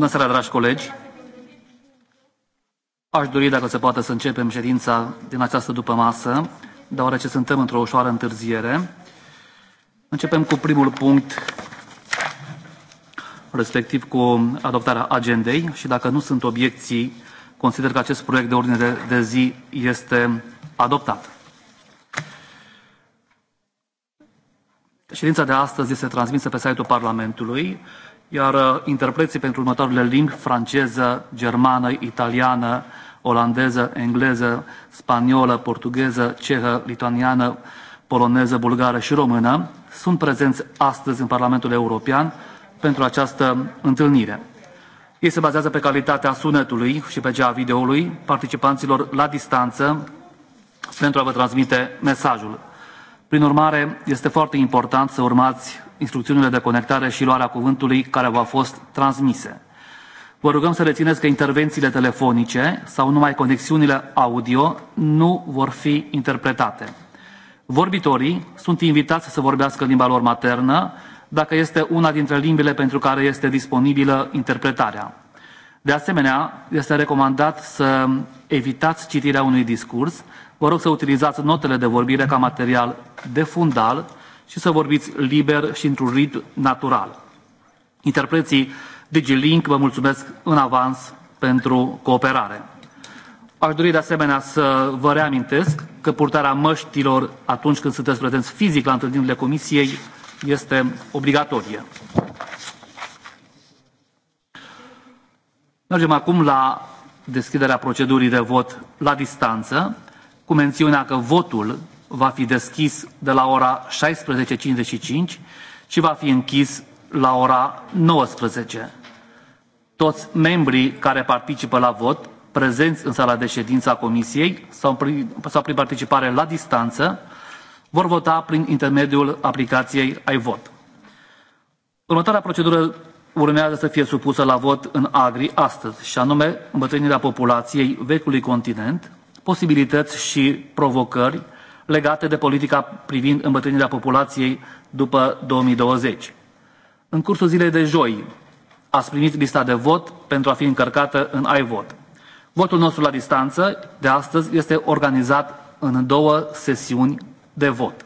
Bună seara, dragi colegi! Aș dori, dacă se poate, să începem ședința din această masă, deoarece suntem într-o ușoară întârziere. Începem cu primul punct, respectiv cu adoptarea agendei și dacă nu sunt obiecții, consider că acest proiect de ordine de, de zi este adoptat. Ședința de astăzi este transmisă pe site-ul Parlamentului iar uh, interpreții pentru următoarele limbi franceză, germană, italiană, olandeză, engleză, spaniolă, portugheză, cehă, lituaniană, poloneză, bulgară și română sunt prezenți astăzi în Parlamentul European pentru această întâlnire. Ei se bazează pe calitatea sunetului și pe cea a videoului participanților la distanță pentru a vă transmite mesajul. Prin urmare, este foarte important să urmați instrucțiunile de conectare și luarea cuvântului care v-au fost transmise. Vă rugăm să rețineți că intervențiile telefonice sau numai conexiunile audio nu vor fi interpretate. Vorbitorii sunt invitați să vorbească în limba lor maternă, dacă este una dintre limbile pentru care este disponibilă interpretarea. De asemenea, este recomandat să evitați citirea unui discurs. Vă rog să utilizați notele de vorbire ca material de fundal și să vorbiți liber și într-un ritm natural. Interpreții DigiLink vă mulțumesc în avans pentru cooperare. Aș dori de asemenea să vă reamintesc că purtarea măștilor atunci când sunteți prezenți fizic la întâlnirile comisiei este obligatorie. Mergem acum la deschiderea procedurii de vot la distanță, cu mențiunea că votul va fi deschis de la ora 16.55 și va fi închis la ora 19. Toți membrii care participă la vot, prezenți în sala de ședință a Comisiei sau prin, sau prin participare la distanță, vor vota prin intermediul aplicației iVot. Următoarea procedură urmează să fie supusă la vot în Agri astăzi, și anume îmbătrânirea populației vechiului continent, posibilități și provocări legate de politica privind îmbătrânirea populației după 2020. În cursul zilei de joi ați primit lista de vot pentru a fi încărcată în iVot. Votul nostru la distanță de astăzi este organizat în două sesiuni de vot.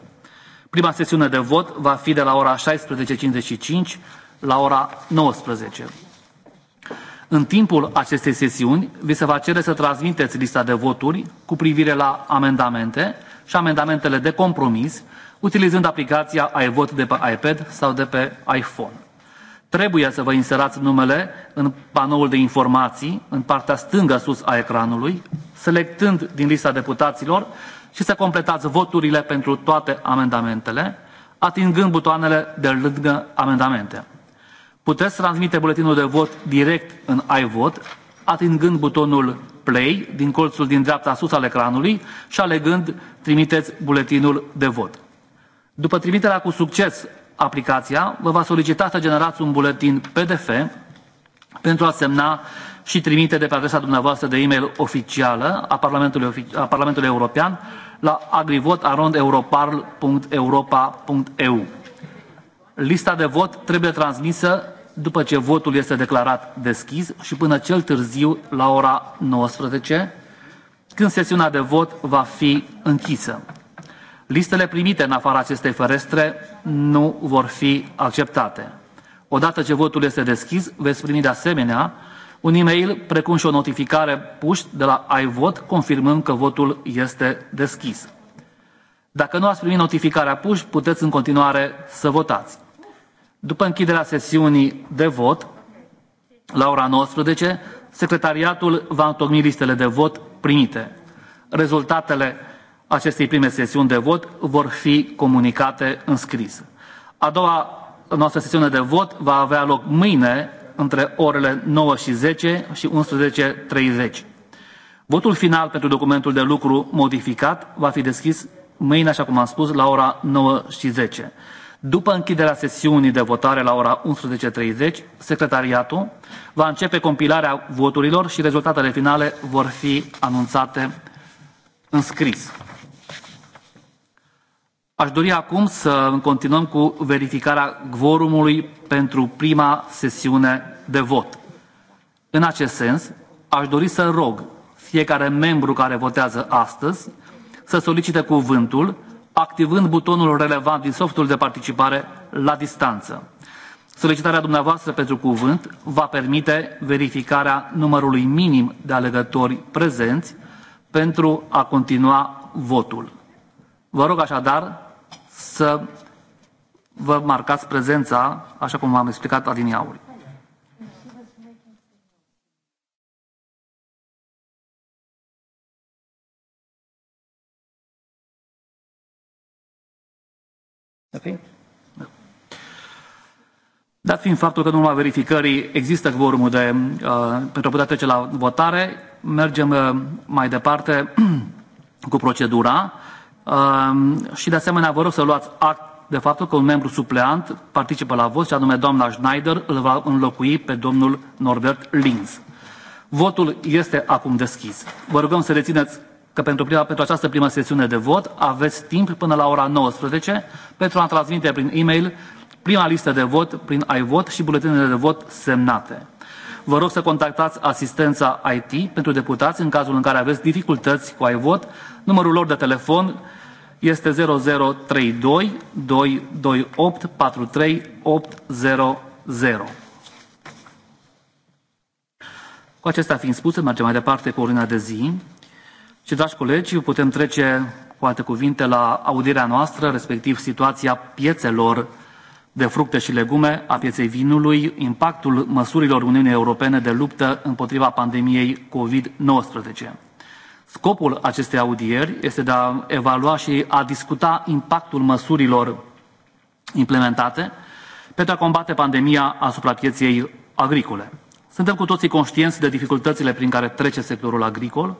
Prima sesiune de vot va fi de la ora 16.55 la ora 19. În timpul acestei sesiuni, vi se va cere să transmiteți lista de voturi cu privire la amendamente și amendamentele de compromis, utilizând aplicația iVot de pe iPad sau de pe iPhone. Trebuie să vă inserați numele în panoul de informații, în partea stângă sus a ecranului, selectând din lista deputaților și să completați voturile pentru toate amendamentele, atingând butoanele de lângă amendamente. Puteți transmite buletinul de vot direct în iVot atingând butonul Play din colțul din dreapta sus al ecranului și alegând Trimiteți buletinul de vot. După trimiterea cu succes, aplicația vă va solicita să generați un buletin PDF pentru a semna și trimite de pe adresa dumneavoastră de e-mail oficială a Parlamentului, a Parlamentului European la agrivot.europarl.europa.eu. Lista de vot trebuie transmisă după ce votul este declarat deschis și până cel târziu la ora 19, când sesiunea de vot va fi închisă. Listele primite în afara acestei ferestre nu vor fi acceptate. Odată ce votul este deschis, veți primi de asemenea un e-mail precum și o notificare push de la iVot confirmând că votul este deschis. Dacă nu ați primit notificarea push, puteți în continuare să votați. După închiderea sesiunii de vot, la ora 19, secretariatul va întocmi listele de vot primite. Rezultatele acestei prime sesiuni de vot vor fi comunicate în scris. A doua noastră sesiune de vot va avea loc mâine între orele 9 și 10 și 11.30. Votul final pentru documentul de lucru modificat va fi deschis mâine, așa cum am spus, la ora 9 și 10 după închiderea sesiunii de votare la ora 11:30, secretariatul va începe compilarea voturilor și rezultatele finale vor fi anunțate în scris. Aș dori acum să continuăm cu verificarea quorumului pentru prima sesiune de vot. În acest sens, aș dori să rog fiecare membru care votează astăzi să solicite cuvântul activând butonul relevant din softul de participare la distanță. Solicitarea dumneavoastră pentru cuvânt va permite verificarea numărului minim de alegători prezenți pentru a continua votul. Vă rog așadar să vă marcați prezența, așa cum v-am explicat adineauri. Okay? Da. Dat fiind faptul că în urma verificării există vorbă de, uh, pentru a putea trece la votare, mergem uh, mai departe cu procedura uh, și de asemenea vă rog să luați act de faptul că un membru supleant participă la vot și anume doamna Schneider îl va înlocui pe domnul Norbert Linz. Votul este acum deschis. Vă rugăm să rețineți că pentru, prima, pentru această primă sesiune de vot aveți timp până la ora 19 pentru a transmite prin e-mail prima listă de vot prin iVot și buletinele de vot semnate. Vă rog să contactați asistența IT pentru deputați în cazul în care aveți dificultăți cu iVot. Numărul lor de telefon este 0032 228 43 800. Cu acestea fiind spuse, mergem mai departe cu ordinea de zi. Dragi colegi, putem trece, cu alte cuvinte, la audierea noastră, respectiv situația piețelor de fructe și legume, a pieței vinului, impactul măsurilor Uniunii Europene de luptă împotriva pandemiei COVID-19. Scopul acestei audieri este de a evalua și a discuta impactul măsurilor implementate pentru a combate pandemia asupra pieței agricole. Suntem cu toții conștienți de dificultățile prin care trece sectorul agricol,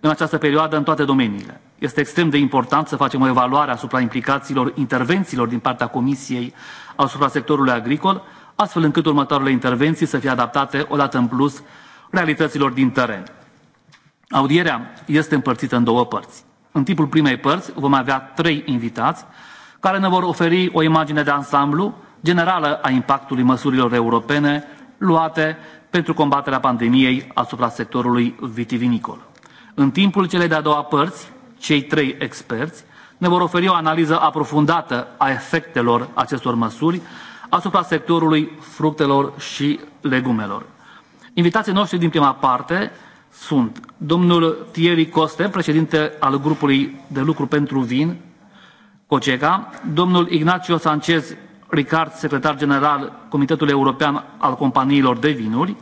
în această perioadă în toate domeniile. Este extrem de important să facem o evaluare asupra implicațiilor intervențiilor din partea Comisiei asupra sectorului agricol, astfel încât următoarele intervenții să fie adaptate odată în plus realităților din teren. Audierea este împărțită în două părți. În timpul primei părți vom avea trei invitați care ne vor oferi o imagine de ansamblu generală a impactului măsurilor europene luate pentru combaterea pandemiei asupra sectorului vitivinicol. În timpul celei de-a doua părți, cei trei experți ne vor oferi o analiză aprofundată a efectelor acestor măsuri asupra sectorului fructelor și legumelor. Invitații noștri din prima parte sunt domnul Thierry Coste, președinte al grupului de lucru pentru vin, COCECA, domnul Ignacio Sanchez Ricard, secretar general Comitetului European al Companiilor de Vinuri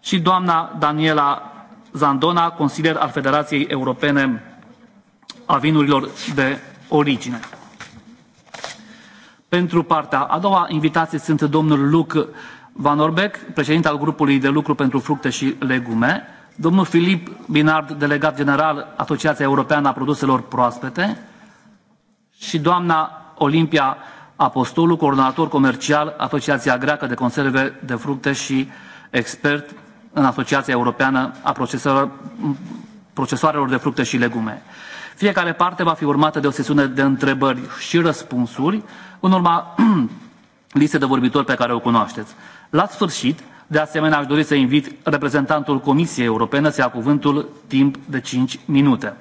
și doamna Daniela Zandona, consilier al Federației Europene a Vinurilor de Origine. Pentru partea a doua, invitație sunt domnul Luc Van Orbeck, președinte al grupului de lucru pentru fructe și legume, domnul Filip Binard, delegat general Asociația Europeană a Produselor Proaspete și doamna Olimpia Apostolu, coordonator comercial Asociația Greacă de Conserve de Fructe și expert în Asociația Europeană a Procesoarelor de Fructe și Legume. Fiecare parte va fi urmată de o sesiune de întrebări și răspunsuri în urma listei de vorbitori pe care o cunoașteți. La sfârșit, de asemenea, aș dori să invit reprezentantul Comisiei Europene să ia cuvântul timp de 5 minute.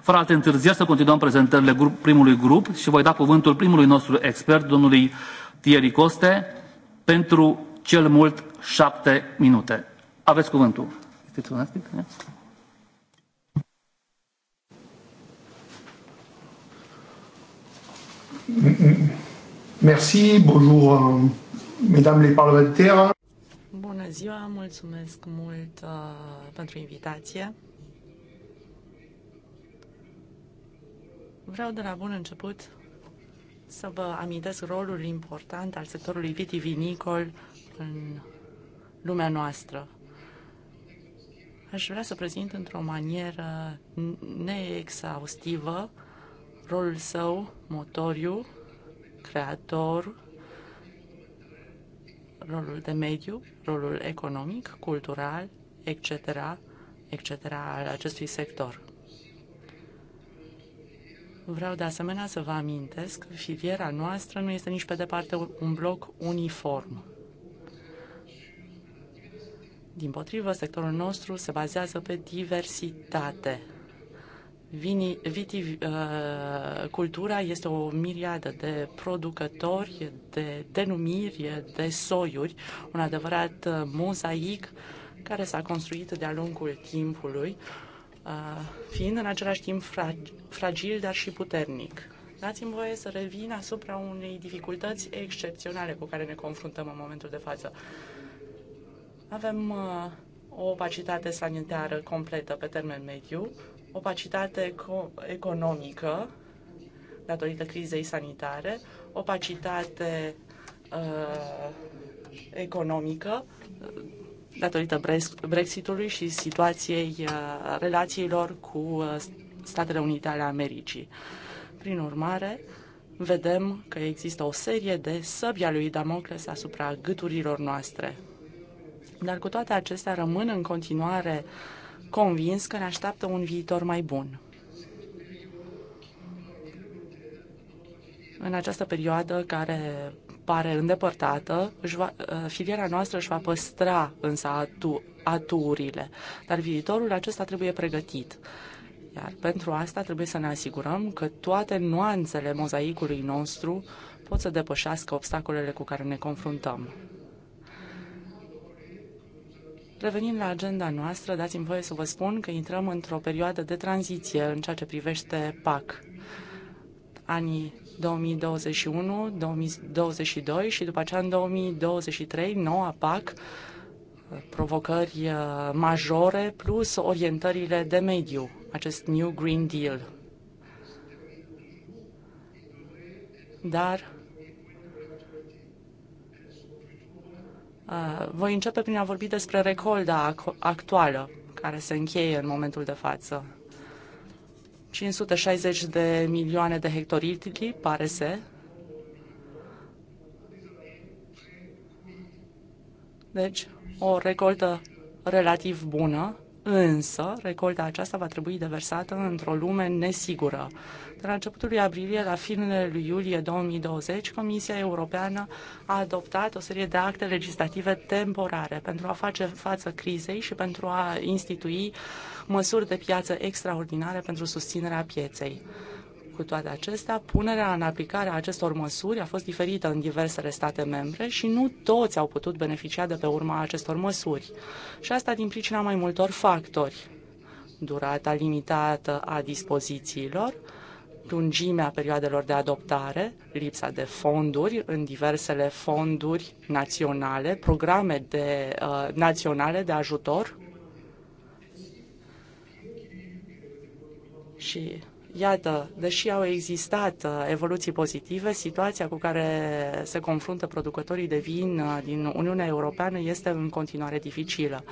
Fără alte întârzieri, să continuăm prezentările grup, primului grup și voi da cuvântul primului nostru expert, domnului Thierry Coste, pentru cel mult 7 minute. Aveți cuvântul. Merci, bonjour, euh, mesdames les parlementaires. Bună ziua, mulțumesc mult uh, pentru invitație. Vreau de la bun început să vă amintesc rolul important al sectorului vitivinicol în lumea noastră aș vrea să prezint într-o manieră neexhaustivă rolul său, motoriu, creator, rolul de mediu, rolul economic, cultural, etc., etc., al acestui sector. Vreau de asemenea să vă amintesc că filiera noastră nu este nici pe departe un bloc uniform. Din potrivă, sectorul nostru se bazează pe diversitate. Vini, viticultura uh, este o miriadă de producători, de denumiri, de soiuri, un adevărat uh, mozaic care s-a construit de-a lungul timpului, uh, fiind în același timp fragil, dar și puternic. Dați-mi voie să revin asupra unei dificultăți excepționale cu care ne confruntăm în momentul de față. Avem uh, o opacitate sanitară completă pe termen mediu, opacitate economică datorită crizei sanitare, opacitate uh, economică datorită Brexitului și situației uh, relațiilor cu uh, Statele Unite ale Americii. Prin urmare, vedem că există o serie de săbia lui Damocles asupra gâturilor noastre. Dar cu toate acestea rămân în continuare convins că ne așteaptă un viitor mai bun. În această perioadă care pare îndepărtată, va, ă, filiera noastră își va păstra însă atu, aturile, dar viitorul acesta trebuie pregătit. Iar pentru asta trebuie să ne asigurăm că toate nuanțele mozaicului nostru pot să depășească obstacolele cu care ne confruntăm. Revenind la agenda noastră, dați-mi voie să vă spun că intrăm într-o perioadă de tranziție în ceea ce privește PAC. Anii 2021, 2022 și după aceea în 2023, noua PAC, provocări uh, majore plus orientările de mediu, acest New Green Deal. Dar Uh, voi începe prin a vorbi despre recolda actuală care se încheie în momentul de față. 560 de milioane de hectolitri, pare să, Deci, o recoltă relativ bună. Însă, recolta aceasta va trebui deversată într-o lume nesigură. De la începutul lui aprilie la finele lui iulie 2020, Comisia Europeană a adoptat o serie de acte legislative temporare pentru a face față crizei și pentru a institui măsuri de piață extraordinare pentru susținerea pieței. Cu toate acestea, punerea în aplicare a acestor măsuri a fost diferită în diversele state membre și nu toți au putut beneficia de pe urma acestor măsuri. Și asta din pricina mai multor factori. Durata limitată a dispozițiilor, lungimea perioadelor de adoptare, lipsa de fonduri în diversele fonduri naționale, programe de, uh, naționale de ajutor și Iată, deși au existat uh, evoluții pozitive, situația cu care se confruntă producătorii de vin uh, din Uniunea Europeană este în continuare dificilă.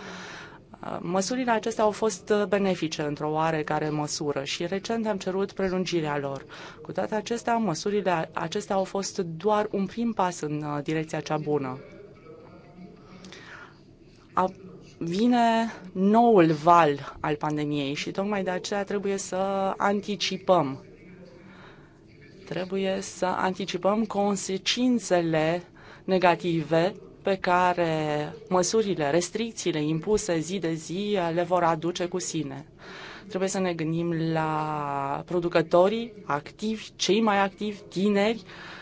Uh, măsurile acestea au fost benefice într-o oarecare măsură și recent am cerut prelungirea lor. Cu toate acestea, măsurile acestea au fost doar un prim pas în direcția cea bună. A vine noul val al pandemiei și tocmai de aceea trebuie să anticipăm. Trebuie să anticipăm consecințele negative pe care măsurile, restricțiile impuse zi de zi le vor aduce cu sine. Trebuie să ne gândim la producătorii activi, cei mai activi, tineri, uh,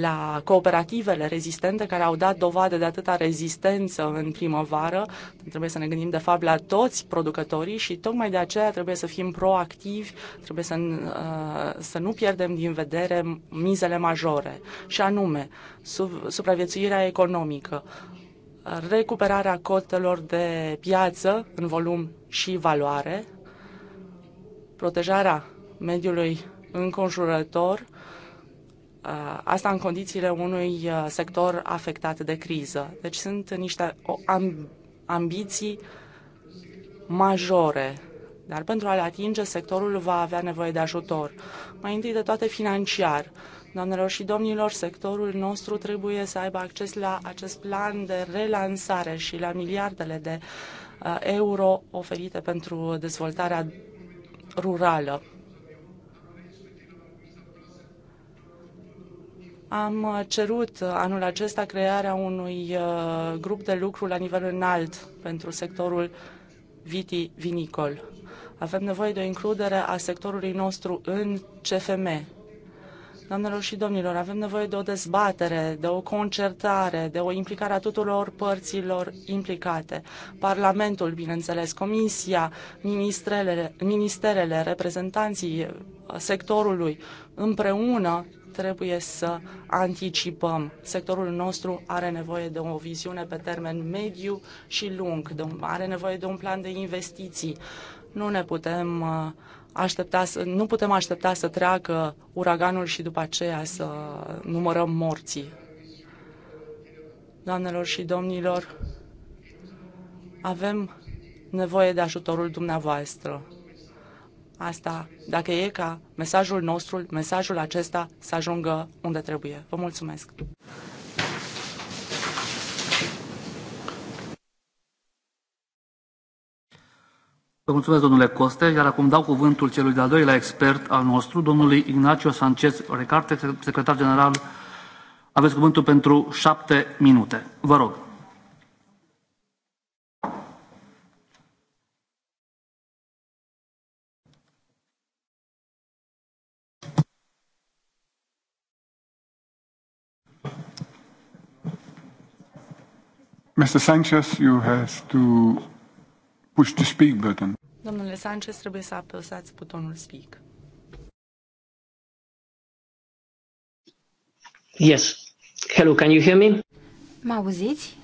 la cooperativele rezistente care au dat dovadă de atâta rezistență în primăvară. Trebuie să ne gândim, de fapt, la toți producătorii și tocmai de aceea trebuie să fim proactivi, trebuie să, uh, să nu pierdem din vedere mizele majore, și anume sub, supraviețuirea economică, recuperarea cotelor de piață în volum și valoare, protejarea mediului înconjurător, Uh, asta în condițiile unui uh, sector afectat de criză. Deci sunt niște ambiții majore dar pentru a le atinge, sectorul va avea nevoie de ajutor. Mai întâi de toate financiar. Doamnelor și domnilor, sectorul nostru trebuie să aibă acces la acest plan de relansare și la miliardele de uh, euro oferite pentru dezvoltarea rurală. Am uh, cerut uh, anul acesta crearea unui uh, grup de lucru la nivel înalt pentru sectorul vitivinicol. Avem nevoie de o includere a sectorului nostru în CFM. Doamnelor și domnilor, avem nevoie de o dezbatere, de o concertare, de o implicare a tuturor părților implicate. Parlamentul, bineînțeles, Comisia, ministerele, ministerele reprezentanții sectorului, împreună trebuie să anticipăm. Sectorul nostru are nevoie de o viziune pe termen mediu și lung, de un, are nevoie de un plan de investiții. Nu ne putem uh, aștepta să, nu putem aștepta să treacă uraganul și după aceea să numărăm morții. Doamnelor și domnilor, avem nevoie de ajutorul dumneavoastră asta, dacă e ca mesajul nostru, mesajul acesta să ajungă unde trebuie. Vă mulțumesc! Vă mulțumesc, domnule Coste, iar acum dau cuvântul celui de-al doilea expert al nostru, domnului Ignacio Sanchez Recarte, secretar general. Aveți cuvântul pentru șapte minute. Vă rog. Mr. Sanchez, you have to push the speak button. Domnule Sanchez, trebuie să apăsați butonul speak. Yes. Hello, can you hear me? Mă auziți?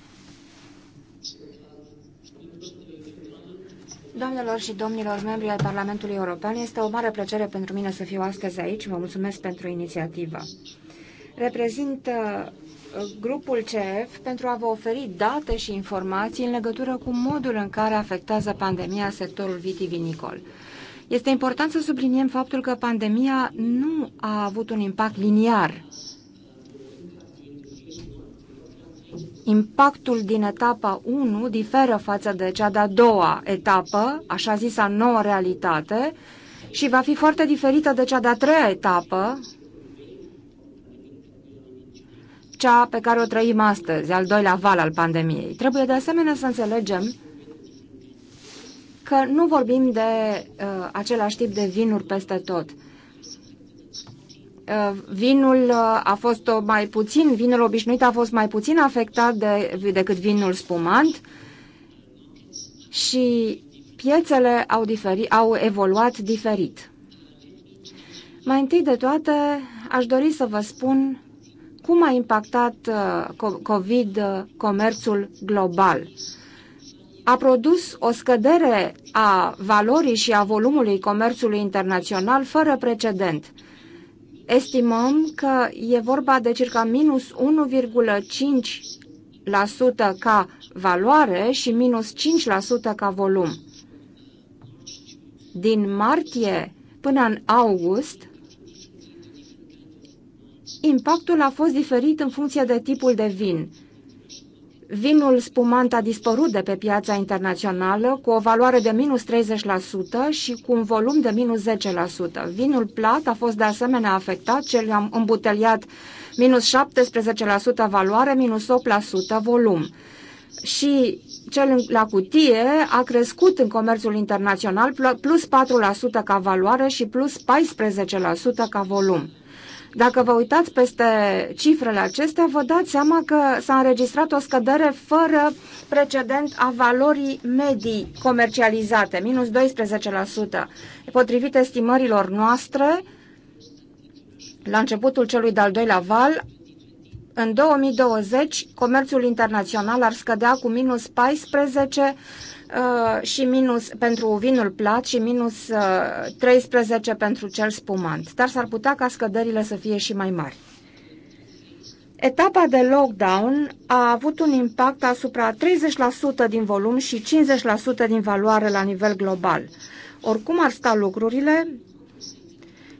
Doamnelor și domnilor membri ai Parlamentului European, este o mare plăcere pentru mine să fiu astăzi aici. Vă mulțumesc pentru inițiativă. Reprezint uh, grupul CF pentru a vă oferi date și informații în legătură cu modul în care afectează pandemia sectorul vitivinicol. Este important să subliniem faptul că pandemia nu a avut un impact liniar. Impactul din etapa 1 diferă față de cea de-a doua etapă, așa zisa nouă realitate, și va fi foarte diferită de cea de-a treia etapă, cea pe care o trăim astăzi, al doilea val al pandemiei. Trebuie de asemenea să înțelegem că nu vorbim de uh, același tip de vinuri peste tot. Uh, vinul uh, a fost o mai puțin, vinul obișnuit a fost mai puțin afectat de, decât vinul spumant și piețele au, diferi, au evoluat diferit. Mai întâi de toate, aș dori să vă spun cum a impactat uh, COVID uh, comerțul global. A produs o scădere a valorii și a volumului comerțului internațional fără precedent. Estimăm că e vorba de circa minus 1,5% ca valoare și minus 5% ca volum. Din martie până în august, impactul a fost diferit în funcție de tipul de vin. Vinul spumant a dispărut de pe piața internațională cu o valoare de minus 30% și cu un volum de minus 10%. Vinul plat a fost de asemenea afectat, cel îmbuteliat minus 17% valoare, minus 8% volum. Și cel la cutie a crescut în comerțul internațional plus 4% ca valoare și plus 14% ca volum. Dacă vă uitați peste cifrele acestea, vă dați seama că s-a înregistrat o scădere fără precedent a valorii medii comercializate, minus 12%. Potrivit estimărilor noastre, la începutul celui de-al doilea val, în 2020, comerțul internațional ar scădea cu minus 14 Uh, și minus pentru vinul plat și minus uh, 13 pentru cel spumant, dar s-ar putea ca scăderile să fie și mai mari. Etapa de lockdown a avut un impact asupra 30% din volum și 50% din valoare la nivel global. Oricum ar sta lucrurile,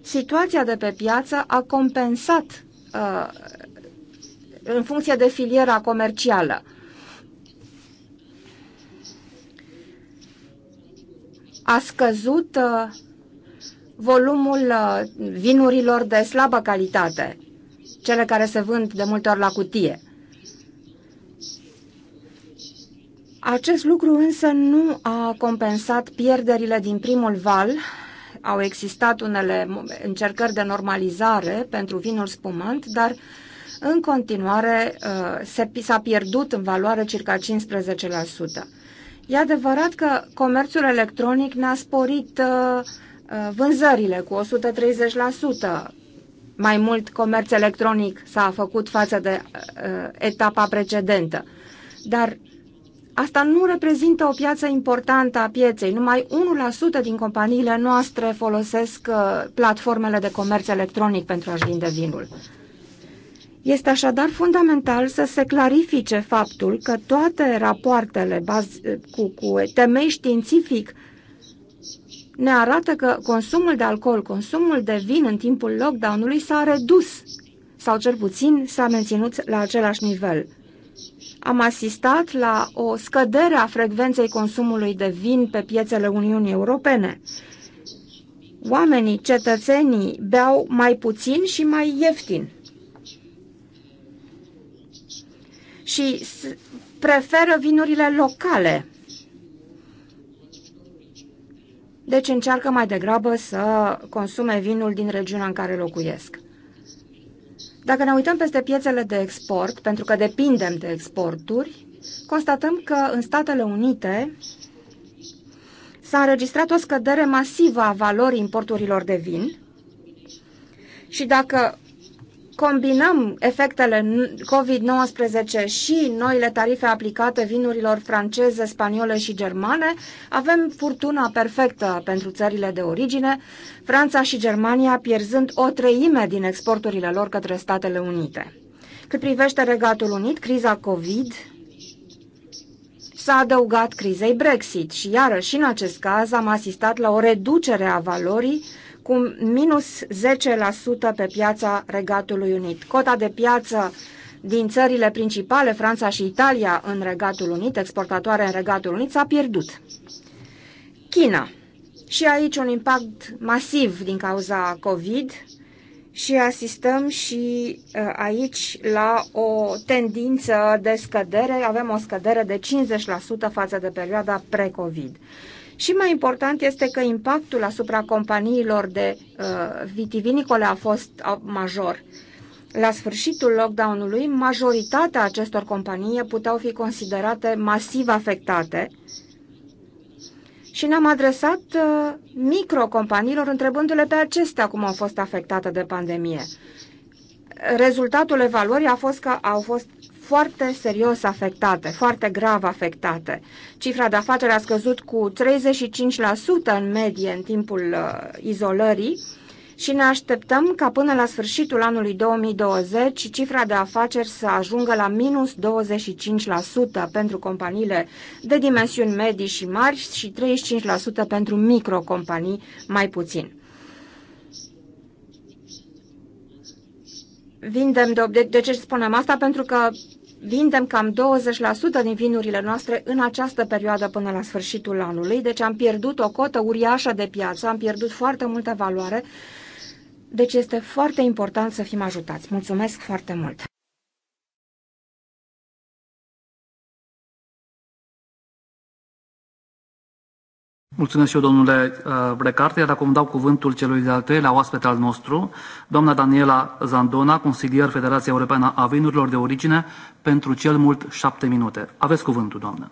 situația de pe piață a compensat uh, în funcție de filiera comercială. Uh, a scăzut uh, volumul uh, vinurilor de slabă calitate, cele care se vând de multe ori la cutie. Acest lucru însă nu a compensat pierderile din primul val. Au existat unele încercări de normalizare pentru vinul spumant, dar în continuare uh, s-a pierdut în valoare circa 15%. E adevărat că comerțul electronic ne-a sporit uh, uh, vânzările cu 130%. Mai mult comerț electronic s-a făcut față de uh, etapa precedentă. Dar Asta nu reprezintă o piață importantă a pieței. Numai 1% din companiile noastre folosesc platformele de comerț electronic pentru a-și vinde vinul. Este așadar fundamental să se clarifice faptul că toate rapoartele cu, cu temei științific ne arată că consumul de alcool, consumul de vin în timpul lockdown-ului s-a redus sau cel puțin s-a menținut la același nivel. Am asistat la o scădere a frecvenței consumului de vin pe piețele Uniunii Europene. Oamenii, cetățenii, beau mai puțin și mai ieftin. și preferă vinurile locale. Deci încearcă mai degrabă să consume vinul din regiunea în care locuiesc. Dacă ne uităm peste piețele de export, pentru că depindem de exporturi, constatăm că în Statele Unite s-a înregistrat o scădere masivă a valorii importurilor de vin și dacă combinăm efectele COVID-19 și noile tarife aplicate vinurilor franceze, spaniole și germane, avem furtuna perfectă pentru țările de origine, Franța și Germania pierzând o treime din exporturile lor către Statele Unite. Cât privește Regatul Unit, criza COVID s-a adăugat crizei Brexit și iarăși în acest caz am asistat la o reducere a valorii cu minus 10% pe piața Regatului Unit. Cota de piață din țările principale, Franța și Italia, în Regatul Unit, exportatoare în Regatul Unit, s-a pierdut. China. Și aici un impact masiv din cauza COVID și asistăm și uh, aici la o tendință de scădere. Avem o scădere de 50% față de perioada pre-COVID. Și mai important este că impactul asupra companiilor de uh, vitivinicole a fost major. La sfârșitul lockdown-ului, majoritatea acestor companii puteau fi considerate masiv afectate și ne-am adresat uh, microcompaniilor întrebându-le pe acestea cum au fost afectate de pandemie. Rezultatul evaluării a fost că au fost foarte serios afectate, foarte grav afectate. Cifra de afaceri a scăzut cu 35% în medie în timpul uh, izolării și ne așteptăm ca până la sfârșitul anului 2020 cifra de afaceri să ajungă la minus 25% pentru companiile de dimensiuni medii și mari și 35% pentru microcompanii mai puțin. Vindem de, de, de ce spunem asta? Pentru că vindem cam 20% din vinurile noastre în această perioadă până la sfârșitul anului, deci am pierdut o cotă uriașă de piață, am pierdut foarte multă valoare, deci este foarte important să fim ajutați. Mulțumesc foarte mult! Mulțumesc și eu, domnule Brecarte. Uh, Iar acum dau cuvântul celui de-al treilea oaspete al nostru, doamna Daniela Zandona, consilier Federația Europeană a Vinurilor de Origine, pentru cel mult șapte minute. Aveți cuvântul, doamnă.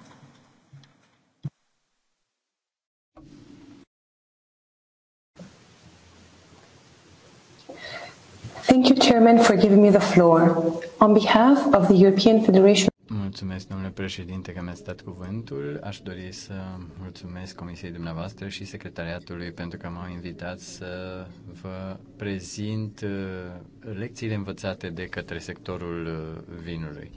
Thank you, Chairman, for giving me the floor. On behalf of the European Federation Mulțumesc, domnule președinte, că mi-ați dat cuvântul. Aș dori să mulțumesc Comisiei dumneavoastră și Secretariatului pentru că m-au invitat să vă prezint uh, lecțiile învățate de către sectorul uh, vinului.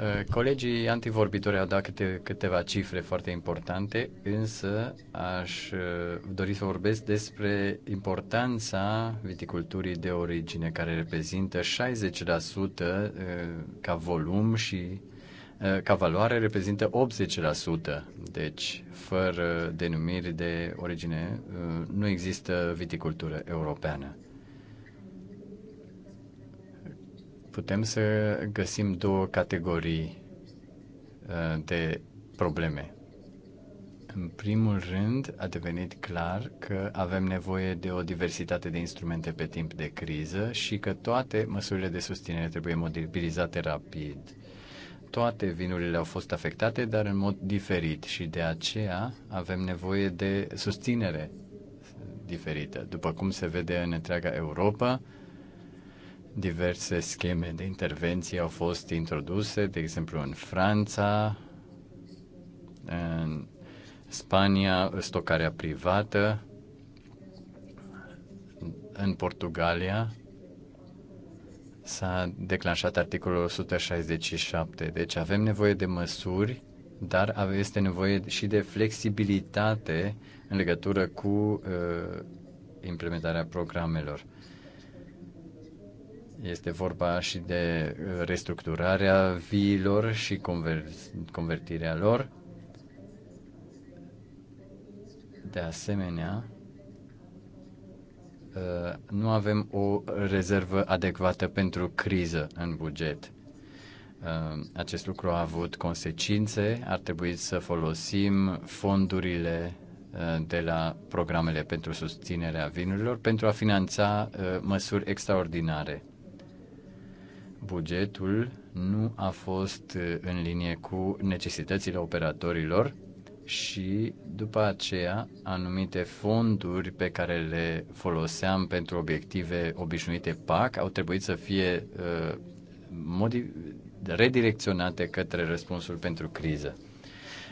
Eh, colegii antivorbitori au dat câte, câteva cifre foarte importante, însă aș eh, dori să vorbesc despre importanța viticulturii de origine, care reprezintă 60% eh, ca volum și ca valoare reprezintă 80%. Deci, fără denumiri de origine, nu există viticultură europeană. putem să găsim două categorii uh, de probleme. În primul rând, a devenit clar că avem nevoie de o diversitate de instrumente pe timp de criză și că toate măsurile de susținere trebuie mobilizate rapid. Toate vinurile au fost afectate, dar în mod diferit și de aceea avem nevoie de susținere diferită. După cum se vede în întreaga Europa, diverse scheme de intervenție au fost introduse, de exemplu în Franța, în Spania, stocarea privată, în Portugalia s-a declanșat articolul 167. Deci avem nevoie de măsuri, dar este nevoie și de flexibilitate în legătură cu uh, implementarea programelor. Este vorba și de restructurarea viilor și convertirea lor. De asemenea, uh, nu avem o rezervă adecvată pentru criză în buget. Uh, acest lucru a avut consecințe. Ar trebui să folosim fondurile uh, de la programele pentru susținerea vinurilor pentru a finanța măsuri extraordinare bugetul nu a fost uh, în linie cu necesitățile operatorilor și după aceea anumite fonduri pe care le foloseam pentru obiective obișnuite PAC au trebuit să fie uh, modi- redirecționate către răspunsul pentru criză.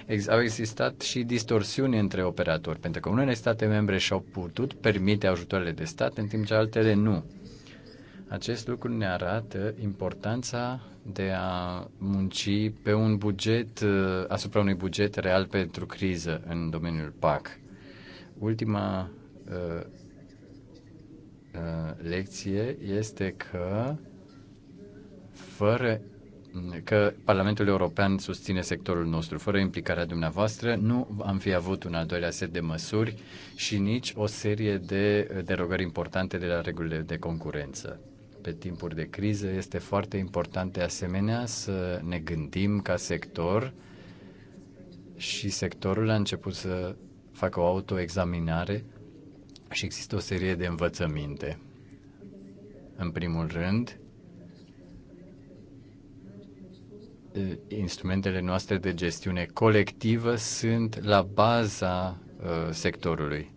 Ex- au existat și distorsiuni între operatori, pentru că unele state membre și-au putut permite ajutoarele de stat, în timp ce altele nu. Acest lucru ne arată importanța de a munci pe un buget, uh, asupra unui buget real pentru criză în domeniul PAC. Ultima uh, uh, lecție este că fără că Parlamentul European susține sectorul nostru. Fără implicarea dumneavoastră nu am fi avut un al doilea set de măsuri și nici o serie de derogări importante de la regulile de concurență pe timpuri de criză. Este foarte important de asemenea să ne gândim ca sector și sectorul a început să facă o autoexaminare și există o serie de învățăminte. În primul rând, instrumentele noastre de gestiune colectivă sunt la baza sectorului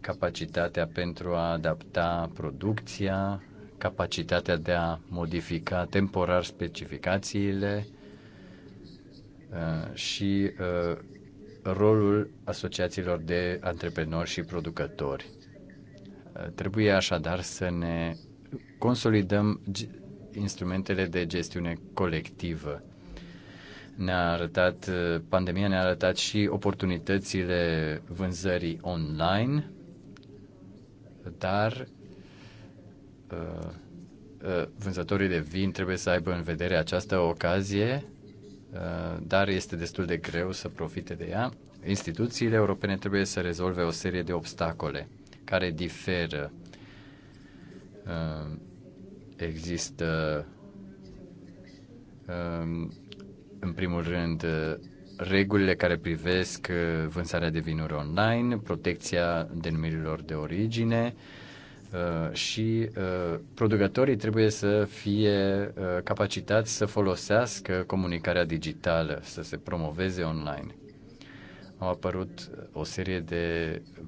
capacitatea pentru a adapta producția, capacitatea de a modifica temporar specificațiile uh, și uh, rolul asociațiilor de antreprenori și producători. Uh, trebuie așadar să ne consolidăm instrumentele de gestiune colectivă ne-a arătat, pandemia ne-a arătat și oportunitățile vânzării online, dar uh, uh, vânzătorii de vin trebuie să aibă în vedere această ocazie, uh, dar este destul de greu să profite de ea. Instituțiile europene trebuie să rezolve o serie de obstacole care diferă. Există um, în primul rând, uh, regulile care privesc uh, vânzarea de vinuri online, protecția denumirilor de origine uh, și producătorii trebuie să fie capacitați să folosească comunicarea digitală, să se promoveze online au apărut uh, o serie de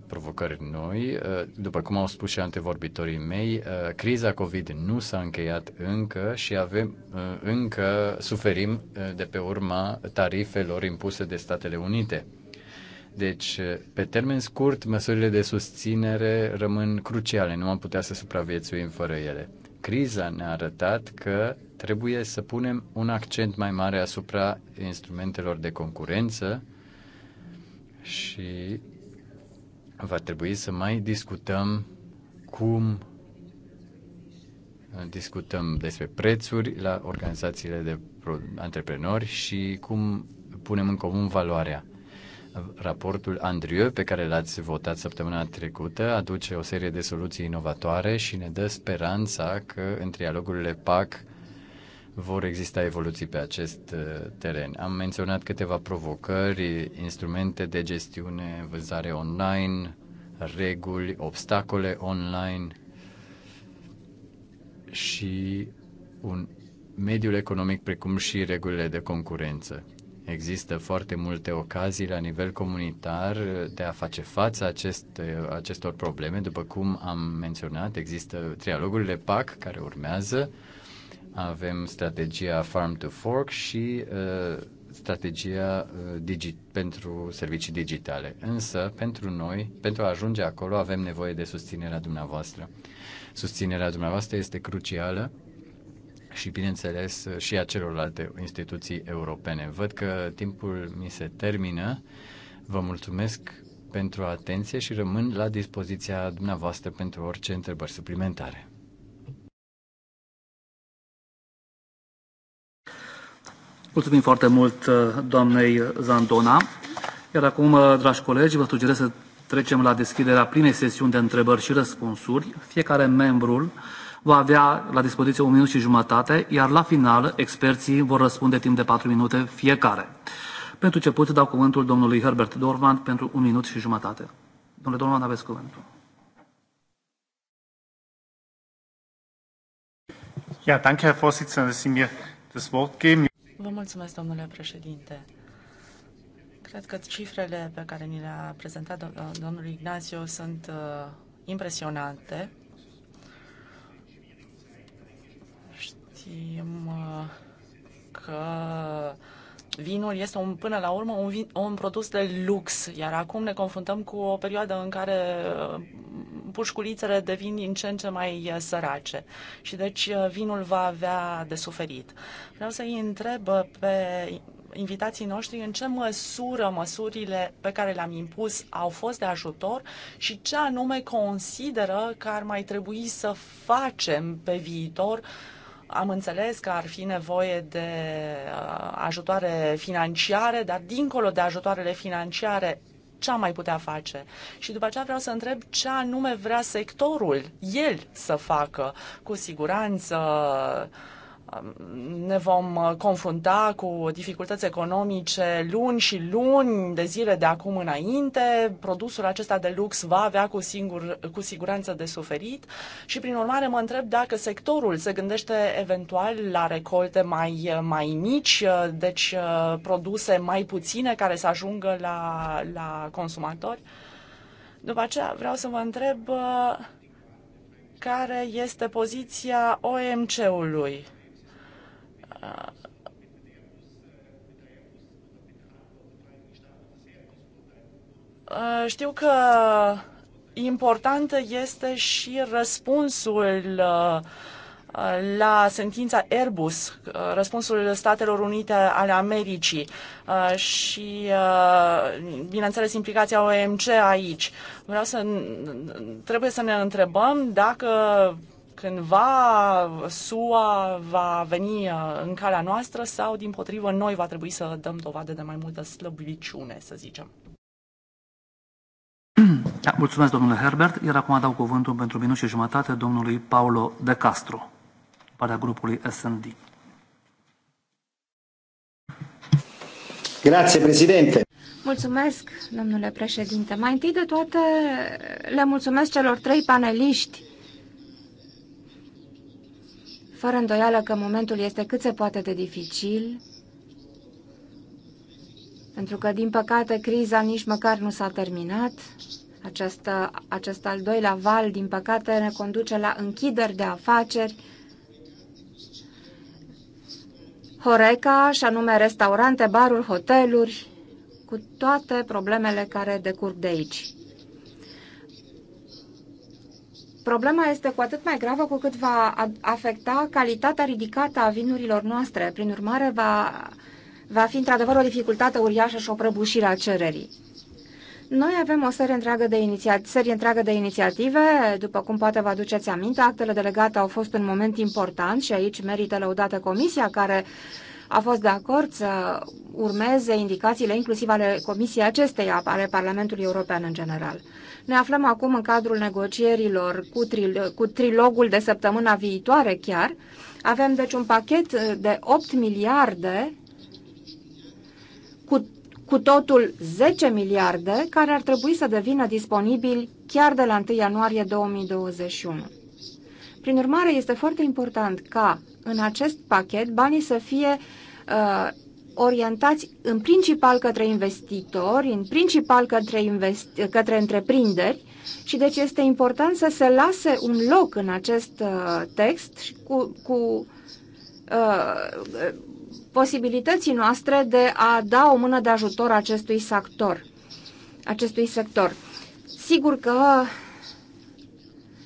provocări noi. Uh, după cum au spus și antevorbitorii mei, uh, criza COVID nu s-a încheiat încă și avem încă suferim de pe urma tarifelor impuse de Statele Unite. Deci, pe termen scurt, măsurile de susținere rămân cruciale, nu am putea să supraviețuim fără ele. Criza ne-a arătat că trebuie să punem un accent mai mare asupra instrumentelor de concurență, și va trebui să mai discutăm cum uh, discutăm despre prețuri la organizațiile de antreprenori și cum punem în comun valoarea. Raportul Andrieu, pe care l-ați votat săptămâna trecută, aduce o serie de soluții inovatoare și ne dă speranța că în trialogurile PAC vor exista evoluții pe acest uh, teren. Am menționat câteva provocări, instrumente de gestiune, vânzare online, reguli, obstacole online și un mediul economic precum și regulile de concurență. Există foarte multe ocazii la nivel comunitar de a face față acest, uh, acestor probleme. După cum am menționat, există trialogurile PAC care urmează avem strategia Farm to Fork și uh, strategia uh, digi- pentru servicii digitale. Însă, pentru noi, pentru a ajunge acolo, avem nevoie de susținerea dumneavoastră. Susținerea dumneavoastră este crucială și, bineînțeles, și a celorlalte instituții europene. Văd că timpul mi se termină. Vă mulțumesc pentru atenție și rămân la dispoziția dumneavoastră pentru orice întrebări suplimentare. Mulțumim foarte mult uh, doamnei Zandona. Iar acum, uh, dragi colegi, vă sugerez să trecem la deschiderea primei sesiuni de întrebări și răspunsuri. Fiecare membru va avea la dispoziție un minut și jumătate, iar la final experții vor răspunde timp de patru minute fiecare. Pentru început dau cuvântul domnului Herbert Dorman pentru un minut și jumătate. Domnule Dorman, aveți cuvântul. Ja, danke, Herr Vorsitzender, dass Sie mir das Wort geben. Vă mulțumesc, domnule președinte. Cred că cifrele pe care ni le-a prezentat uh, domnul Ignacio sunt uh, impresionante. Știm uh, că vinul este un, până la urmă un, vin, un produs de lux, iar acum ne confruntăm cu o perioadă în care uh, pușculițele devin din ce în ce mai uh, sărace și deci uh, vinul va avea de suferit. Vreau să-i întreb pe invitații noștri în ce măsură măsurile pe care le-am impus au fost de ajutor și ce anume consideră că ar mai trebui să facem pe viitor uh, am înțeles că ar fi nevoie de uh, ajutoare financiare, dar dincolo de ajutoarele financiare, ce am mai putea face? Și după aceea vreau să întreb ce anume vrea sectorul, el, să facă. Cu siguranță uh, ne vom uh, confrunta cu dificultăți economice luni și luni de zile de acum înainte. Produsul acesta de lux va avea cu, singur, cu siguranță de suferit și, prin urmare, mă întreb dacă sectorul se gândește eventual la recolte mai, uh, mai mici, uh, deci produse mai puține care să ajungă la, la consumatori. După aceea, vreau să vă întreb care este poziția OMC-ului Uh, știu că important este și răspunsul uh, la sentința Airbus, uh, răspunsul Statelor Unite ale Americii și, bineînțeles, implicația OMC aici. Vreau să. trebuie să ne întrebăm dacă cândva SUA va veni uh, în calea noastră sau, din potrivă, noi va trebui să dăm dovadă de mai multă slăbiciune, să zicem. Da, mulțumesc, domnule Herbert. Iar acum dau cuvântul pentru minut și jumătate domnului Paulo De Castro, partea grupului S&D. Grazie, președinte. Mulțumesc, domnule președinte. Mai întâi de toate, le mulțumesc celor trei paneliști fără îndoială că momentul este cât se poate de dificil, pentru că, din păcate, criza nici măcar nu s-a terminat. Această, acest al doilea val, din păcate, ne conduce la închideri de afaceri. Horeca, și anume restaurante, baruri, hoteluri, cu toate problemele care decurg de aici. problema este cu atât mai gravă cu cât va afecta calitatea ridicată a vinurilor noastre. Prin urmare, va, va fi într-adevăr o dificultate uriașă și o prăbușire a cererii. Noi avem o serie întreagă de, iniția- serie întreagă de inițiative, după cum poate vă aduceți aminte, actele delegate au fost un moment important și aici merită lăudată comisia care a fost de acord să urmeze indicațiile inclusiv ale comisiei acesteia, ale Parlamentului European în general. Ne aflăm acum în cadrul negocierilor cu, tril- cu trilogul de săptămâna viitoare chiar. Avem deci un pachet uh, de 8 miliarde cu, cu totul 10 miliarde care ar trebui să devină disponibili chiar de la 1 ianuarie 2021. Prin urmare, este foarte important ca în acest pachet banii să fie uh, orientați în principal către investitori, în principal către, investi- către întreprinderi și deci este important să se lase un loc în acest uh, text cu, cu uh, posibilității noastre de a da o mână de ajutor acestui sector. Acestui sector. Sigur că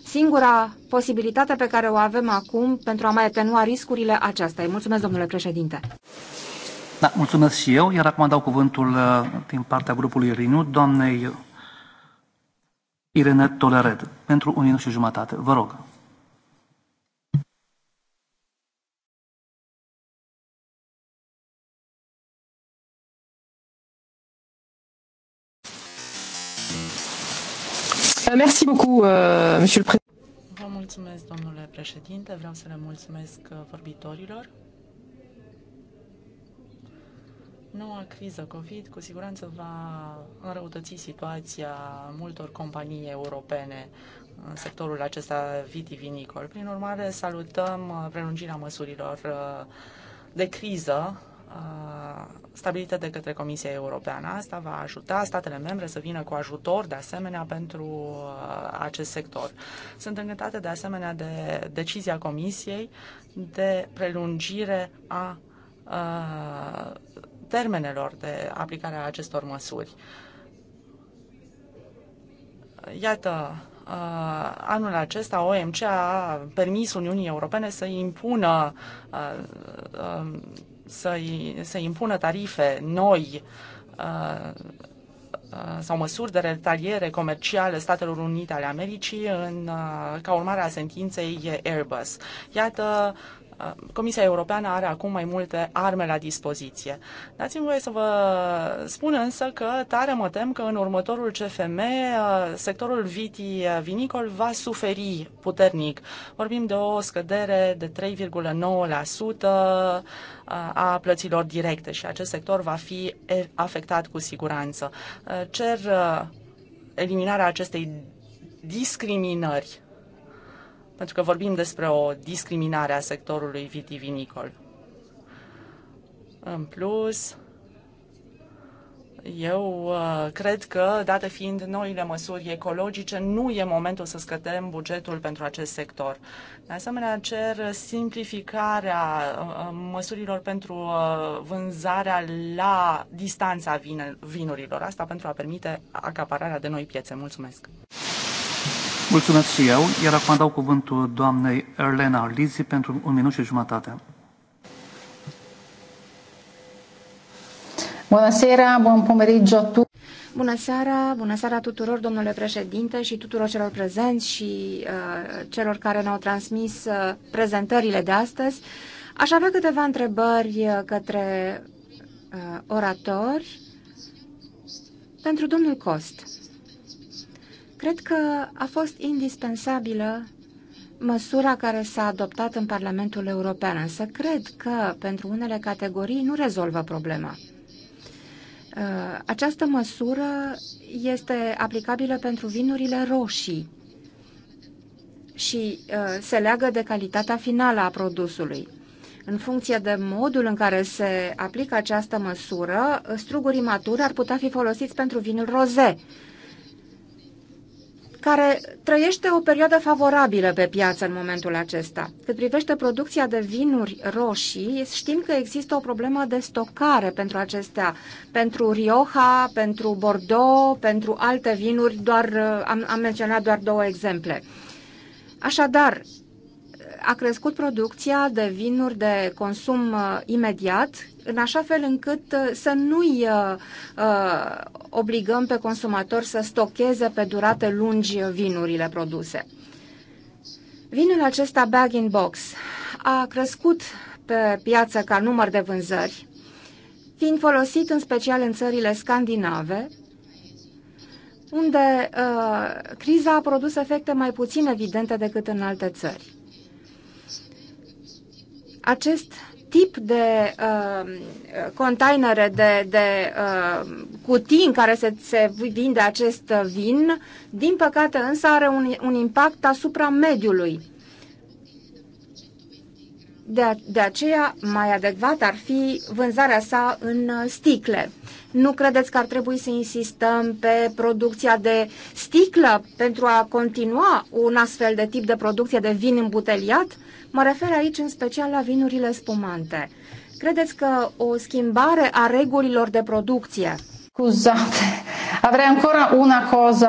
singura posibilitate pe care o avem acum pentru a mai atenua riscurile aceasta. mulțumesc, domnule președinte. Da, mulțumesc și eu. Iar acum dau cuvântul uh, din partea grupului Renew, doamnei Irene Tolered, pentru un minut și jumătate. Vă rog. Euh, merci beaucoup, euh, Monsieur le Vă mulțumesc, domnule președinte. Vreau să le mulțumesc uh, vorbitorilor. Noua criză COVID cu siguranță va înrăutăți situația multor companii europene în sectorul acesta vitivinicol. Prin urmare, salutăm uh, prelungirea măsurilor uh, de criză uh, stabilită de către Comisia Europeană. Asta va ajuta statele membre să vină cu ajutor, de asemenea, pentru acest sector. Sunt încântată, de asemenea, de decizia Comisiei de prelungire a termenelor de aplicare a acestor măsuri. Iată, uh, anul acesta OMC a permis Uniunii Europene să impună uh, um, să, să impună tarife noi uh, sau măsuri de retaliere comerciale Statelor Unite ale Americii în, ca urmare a sentinței Airbus. Iată, Comisia Europeană are acum mai multe arme la dispoziție. Dați-mi voie să vă spun însă că tare mă tem că în următorul CFM uh, sectorul vitivinicol uh, va suferi puternic. Vorbim de o scădere de 3,9% uh, a plăților directe și acest sector va fi afectat cu siguranță. Cer eliminarea acestei discriminări pentru că vorbim despre o discriminare a sectorului vitivinicol. În plus, eu uh, cred că, date fiind noile măsuri ecologice, nu e momentul să scădem bugetul pentru acest sector. De asemenea, cer simplificarea uh, uh măsurilor pentru uh, vânzarea la distanța vin vinurilor. Asta pentru a permite acapararea de noi piețe. Mulțumesc! Mulțumesc și eu, iar acum dau cuvântul doamnei Erlena Lizi pentru un minut și jumătate. Bună seara, bun pomeriggio a Bună seara, bună seara tuturor, domnule președinte și tuturor celor prezenți și uh, celor care ne-au transmis uh, prezentările de astăzi. Aș avea câteva întrebări uh, către uh, oratori pentru domnul Cost. Cred că a fost indispensabilă măsura care s-a adoptat în Parlamentul European, însă cred că pentru unele categorii nu rezolvă problema. Uh, această măsură este aplicabilă pentru vinurile roșii și uh, se leagă de calitatea finală a produsului. În funcție de modul în care se aplică această măsură, strugurii maturi ar putea fi folosiți pentru vinul roze care trăiește o perioadă favorabilă pe piață în momentul acesta. Cât privește producția de vinuri roșii, știm că există o problemă de stocare pentru acestea, pentru Rioja, pentru Bordeaux, pentru alte vinuri, doar, uh, am, am menționat doar două exemple. Așadar, a crescut producția de vinuri de consum uh, imediat, în așa fel încât uh, să nu-i uh, uh, obligăm pe consumator să stocheze pe durate lungi vinurile produse. Vinul acesta bag-in-box a crescut pe piață ca număr de vânzări, fiind folosit în special în țările scandinave, unde uh, criza a produs efecte mai puțin evidente decât în alte țări. Acest tip de uh, containere, de, de uh, cutii în care se, se vinde acest vin, din păcate însă are un, un impact asupra mediului. De, de aceea, mai adecvat ar fi vânzarea sa în sticle. Nu credeți că ar trebui să insistăm pe producția de sticlă pentru a continua un astfel de tip de producție de vin îmbuteliat? Mă refer aici în special la vinurile spumante. Credeți că o schimbare a regulilor de producție... Scuzate, avrei ancora una cosa.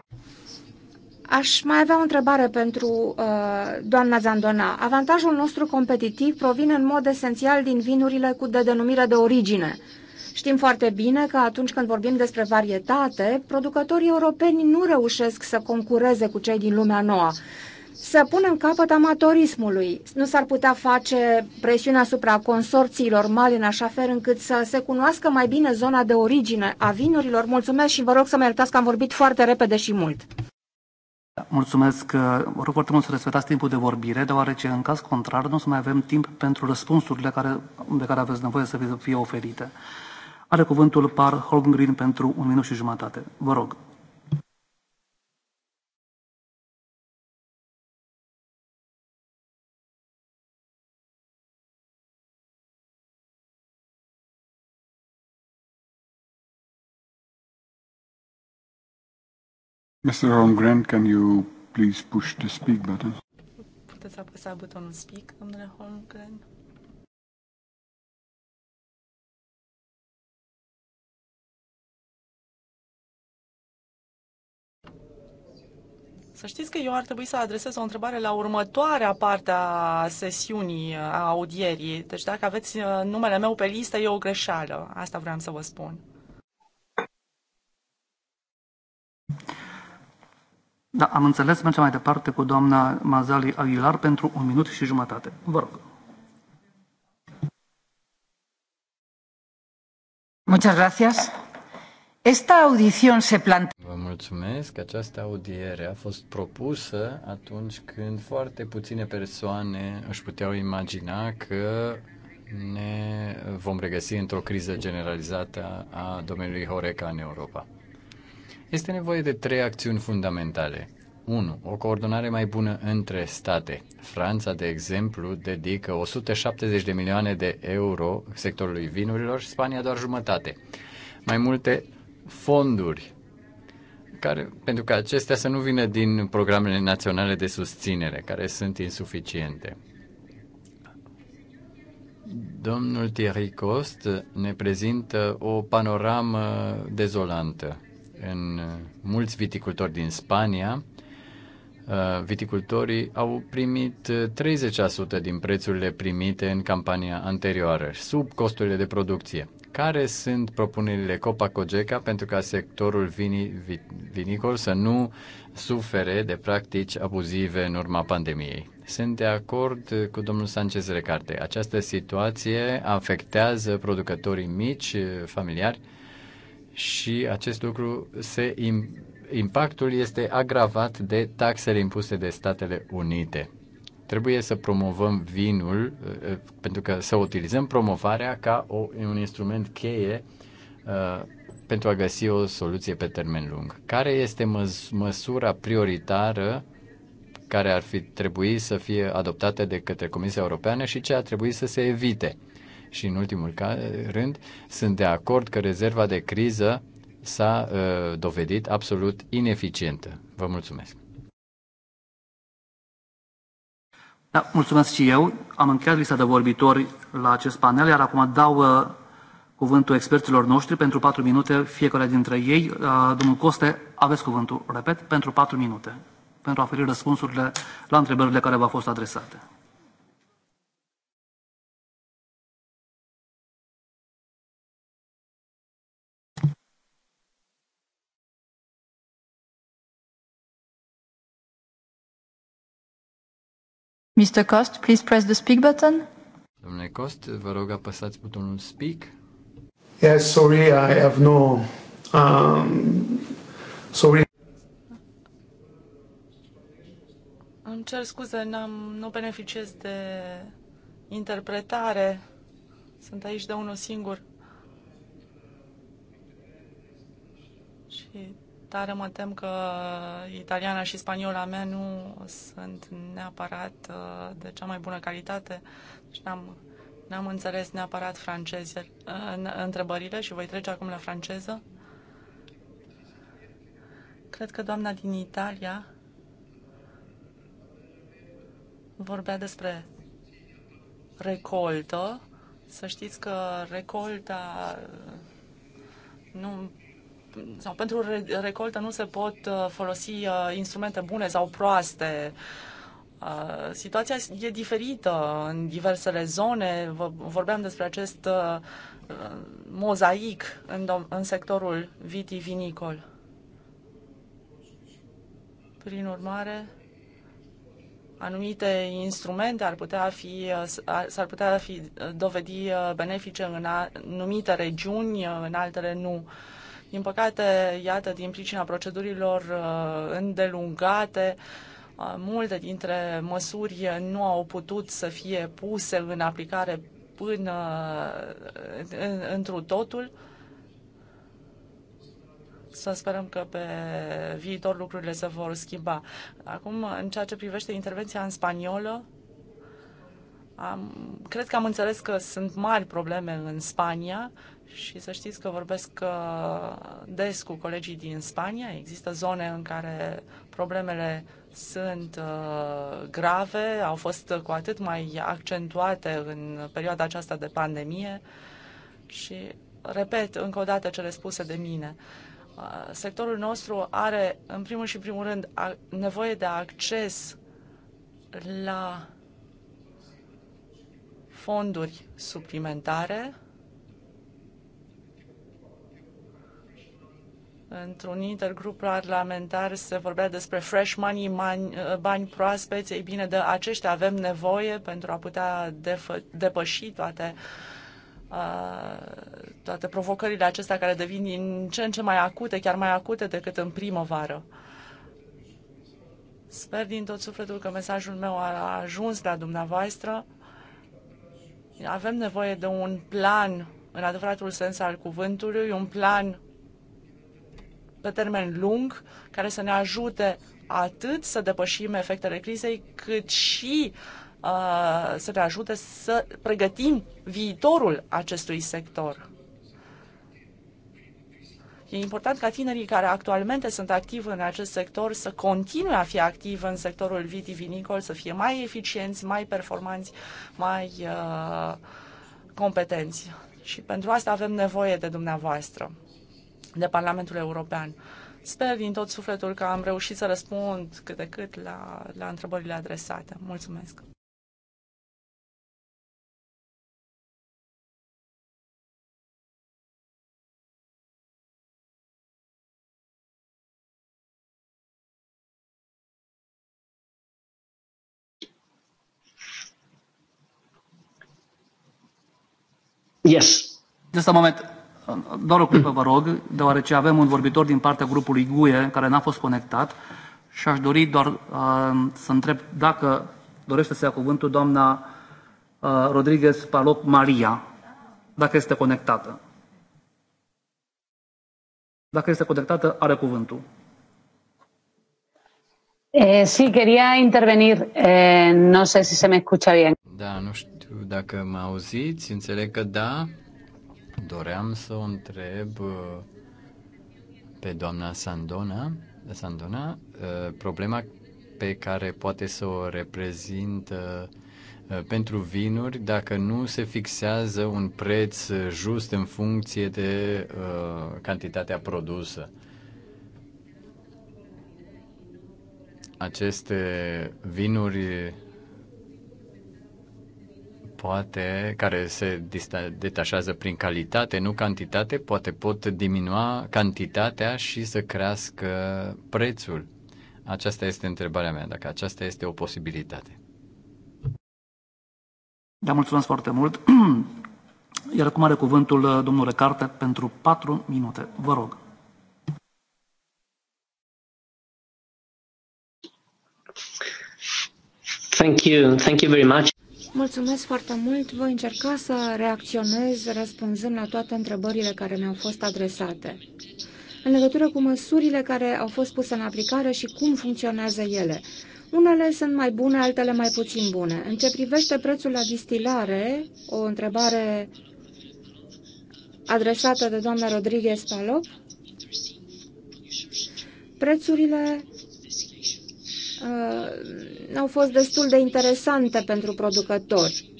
Aș mai avea o întrebare pentru uh, doamna Zandona. Avantajul nostru competitiv provine în mod esențial din vinurile cu de denumire de origine. Știm foarte bine că atunci când vorbim despre varietate, producătorii europeni nu reușesc să concureze cu cei din lumea nouă să punem capăt amatorismului. Nu s-ar putea face presiune asupra consorțiilor mari în așa fel încât să se cunoască mai bine zona de origine a vinurilor. Mulțumesc și vă rog să mă iertați că am vorbit foarte repede și mult. Da, mulțumesc. Uh, vă rog foarte mult să respectați timpul de vorbire, deoarece în caz contrar nu o să mai avem timp pentru răspunsurile care, de care aveți nevoie să fie oferite. Are cuvântul Par Holmgren pentru un minut și jumătate. Vă rog. Mr. Holmgren, can you please push the speak button? Puteți apăsa butonul speak, domnule Holmgren? Să știți că eu ar trebui să adresez o întrebare la următoarea parte a sesiunii, a audierii. Deci dacă aveți uh, numele meu pe listă, e o greșeală. Asta vreau să vă spun. Da, am înțeles. Mergem mai departe cu doamna Mazali Aguilar pentru un minut și jumătate. Vă rog. Muchas gracias. Esta audición se plantea... Vă mulțumesc. Această audiere a fost propusă atunci când foarte puține persoane își puteau imagina că ne vom regăsi într-o criză generalizată a domeniului Horeca în Europa. Este nevoie de trei acțiuni fundamentale. 1. O coordonare mai bună între state. Franța, de exemplu, dedică 170 de milioane de euro sectorului vinurilor și Spania doar jumătate. Mai multe fonduri care, pentru că acestea să nu vină din programele naționale de susținere, care sunt insuficiente. Domnul Thierry Cost ne prezintă o panoramă dezolantă în uh, mulți viticultori din Spania, uh, viticultorii au primit 30% uh, din prețurile primite în campania anterioară, sub costurile de producție. Care sunt propunerile Copa Cogeca pentru ca sectorul vini, vinicol să nu sufere de practici abuzive în urma pandemiei? Sunt de acord cu domnul Sanchez Recarte. Această situație afectează producătorii mici, familiari, și acest lucru se impactul este agravat de taxele impuse de Statele Unite. Trebuie să promovăm vinul, uh, uh, pentru că să utilizăm promovarea ca o, un instrument cheie uh, pentru a găsi o soluție pe termen lung. Care este măs- măsura prioritară care ar fi trebuit să fie adoptată de către Comisia Europeană și ce ar trebui să se evite? Și în ultimul rând, sunt de acord că rezerva de criză s-a uh, dovedit absolut ineficientă. Vă mulțumesc. Da, mulțumesc și eu. Am încheiat lista de vorbitori la acest panel, iar acum dau uh, cuvântul experților noștri pentru patru minute fiecare dintre ei. Uh, domnul Coste, aveți cuvântul, repet, pentru patru minute, pentru a oferi răspunsurile la întrebările care v-au fost adresate. Mr. Cost, please press the speak button. Domnule Cost, vă rog apăsați butonul speak. Yes, sorry, I have no... Um, sorry. Îmi cer scuze, n-am, nu beneficiez de interpretare. Sunt aici de unul singur. Și tare mă tem că italiana și spaniola mea nu sunt neapărat uh, de cea mai bună calitate. Deci n-am, n-am înțeles neapărat franceze, uh, întrebările și voi trece acum la franceză. Cred că doamna din Italia vorbea despre recoltă. Să știți că recolta nu sau pentru recoltă nu se pot uh, folosi uh, instrumente bune sau proaste. Uh, situația e diferită în diversele zone. Vorbeam despre acest mozaic în, în sectorul vitivinicol. Prin urmare, anumite instrumente ar putea fi, s-ar putea fi dovedi benefice în anumite regiuni, în altele nu. Uh, din păcate, iată, din pricina procedurilor uh, îndelungate, uh, multe dintre măsuri nu au putut să fie puse în aplicare până uh, în, întru totul. Să sperăm că pe viitor lucrurile se vor schimba. Acum, în ceea ce privește intervenția în spaniolă, am, cred că am înțeles că sunt mari probleme în Spania și să știți că vorbesc uh, des cu colegii din Spania. Există zone în care problemele sunt uh, grave, au fost cu atât mai accentuate în perioada aceasta de pandemie și repet încă o dată cele spuse de mine. Uh, sectorul nostru are, în primul și primul rând, nevoie de acces la fonduri suplimentare Într-un intergrup parlamentar se vorbea despre fresh money, uh, bani proaspeți. Ei bine, de aceștia avem nevoie pentru a putea depăși toate uh, toate provocările acestea care devin din ce în ce mai acute, chiar mai acute decât în primăvară. Sper din tot sufletul că mesajul meu a ajuns la dumneavoastră. Avem nevoie de un plan, în adevăratul sens al cuvântului, un plan pe termen lung care să ne ajute atât să depășim efectele crizei, cât și uh, să ne ajute să pregătim viitorul acestui sector. E important ca tinerii care actualmente sunt activi în acest sector să continue a fi activi în sectorul vitivinicol, să fie mai eficienți, mai performanți, mai uh, competenți. Și pentru asta avem nevoie de dumneavoastră de Parlamentul European. Sper din tot sufletul că am reușit să răspund cât de cât la, la întrebările adresate. Mulțumesc! Yes. Just a moment. Doar o clipă, vă rog, deoarece avem un vorbitor din partea grupului GUE care n-a fost conectat și aș dori doar uh, să întreb dacă dorește să ia cuvântul doamna uh, Rodriguez Palop Maria, dacă este conectată. Dacă este conectată, are cuvântul. Eh, sí, quería intervenir. Eh, no sé si se me escucha bien. Da, nu știu dacă mă auziți, înțeleg că da. Doream să o întreb uh, pe doamna Sandona, Sandona uh, problema pe care poate să o reprezintă uh, pentru vinuri dacă nu se fixează un preț just în funcție de uh, cantitatea produsă. Aceste vinuri poate, care se detașează prin calitate, nu cantitate, poate pot diminua cantitatea și să crească prețul. Aceasta este întrebarea mea, dacă aceasta este o posibilitate. Da, mulțumesc foarte mult. Iar acum are cuvântul uh, domnul Recarte pentru patru minute. Vă rog. Thank you. Thank you very much. Mulțumesc foarte mult. Voi încerca să reacționez răspunzând la toate întrebările care mi-au fost adresate. În legătură cu măsurile care au fost puse în aplicare și cum funcționează ele. Unele sunt mai bune, altele mai puțin bune. În ce privește prețul la distilare, o întrebare adresată de doamna Rodriguez Palop, prețurile uh, au fost destul de interesante pentru producători.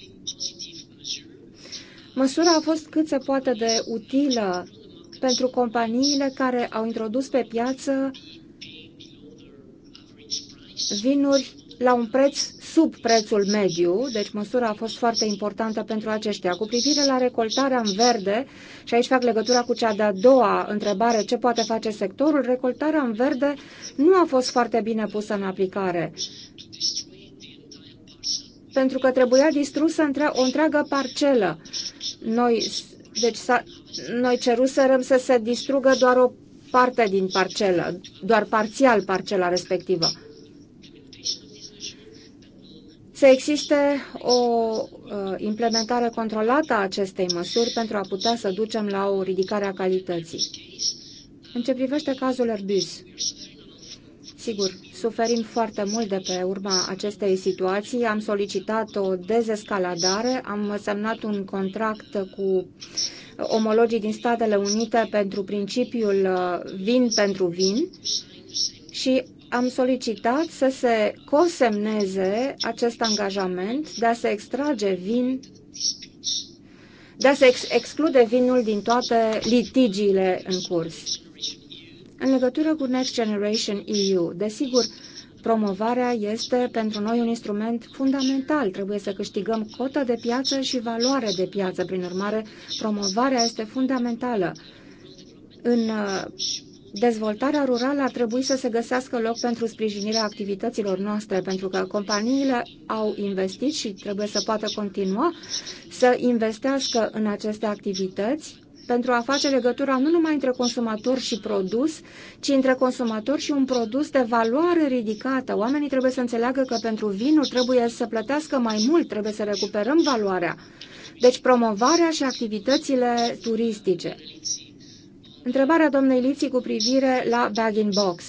Măsura a fost cât se poate de utilă pentru companiile care au introdus pe piață vinuri la un preț sub prețul mediu, deci măsura a fost foarte importantă pentru aceștia. Cu privire la recoltarea în verde, și aici fac legătura cu cea de-a doua întrebare, ce poate face sectorul, recoltarea în verde nu a fost foarte bine pusă în aplicare pentru că trebuia distrusă între, o întreagă parcelă. Noi, deci, noi ceruserăm să se distrugă doar o parte din parcelă, doar parțial parcela respectivă să existe o uh, implementare controlată a acestei măsuri pentru a putea să ducem la o ridicare a calității. În ce privește cazul Airbus, sigur, suferim foarte mult de pe urma acestei situații. Am solicitat o dezescaladare, am semnat un contract cu omologii din Statele Unite pentru principiul uh, vin pentru vin și am solicitat să se cosemneze acest angajament de a se extrage vin de a se ex exclude vinul din toate litigiile în curs. În legătură cu Next Generation EU, desigur, promovarea este pentru noi un instrument fundamental. Trebuie să câștigăm cotă de piață și valoare de piață. Prin urmare, promovarea este fundamentală. În uh, dezvoltarea rurală ar trebui să se găsească loc pentru sprijinirea activităților noastre, pentru că companiile au investit și trebuie să poată continua să investească în aceste activități pentru a face legătura nu numai între consumator și produs, ci între consumator și un produs de valoare ridicată. Oamenii trebuie să înțeleagă că pentru vinul trebuie să plătească mai mult, trebuie să recuperăm valoarea. Deci promovarea și activitățile turistice. Întrebarea domnei Liții cu privire la bag-in-box.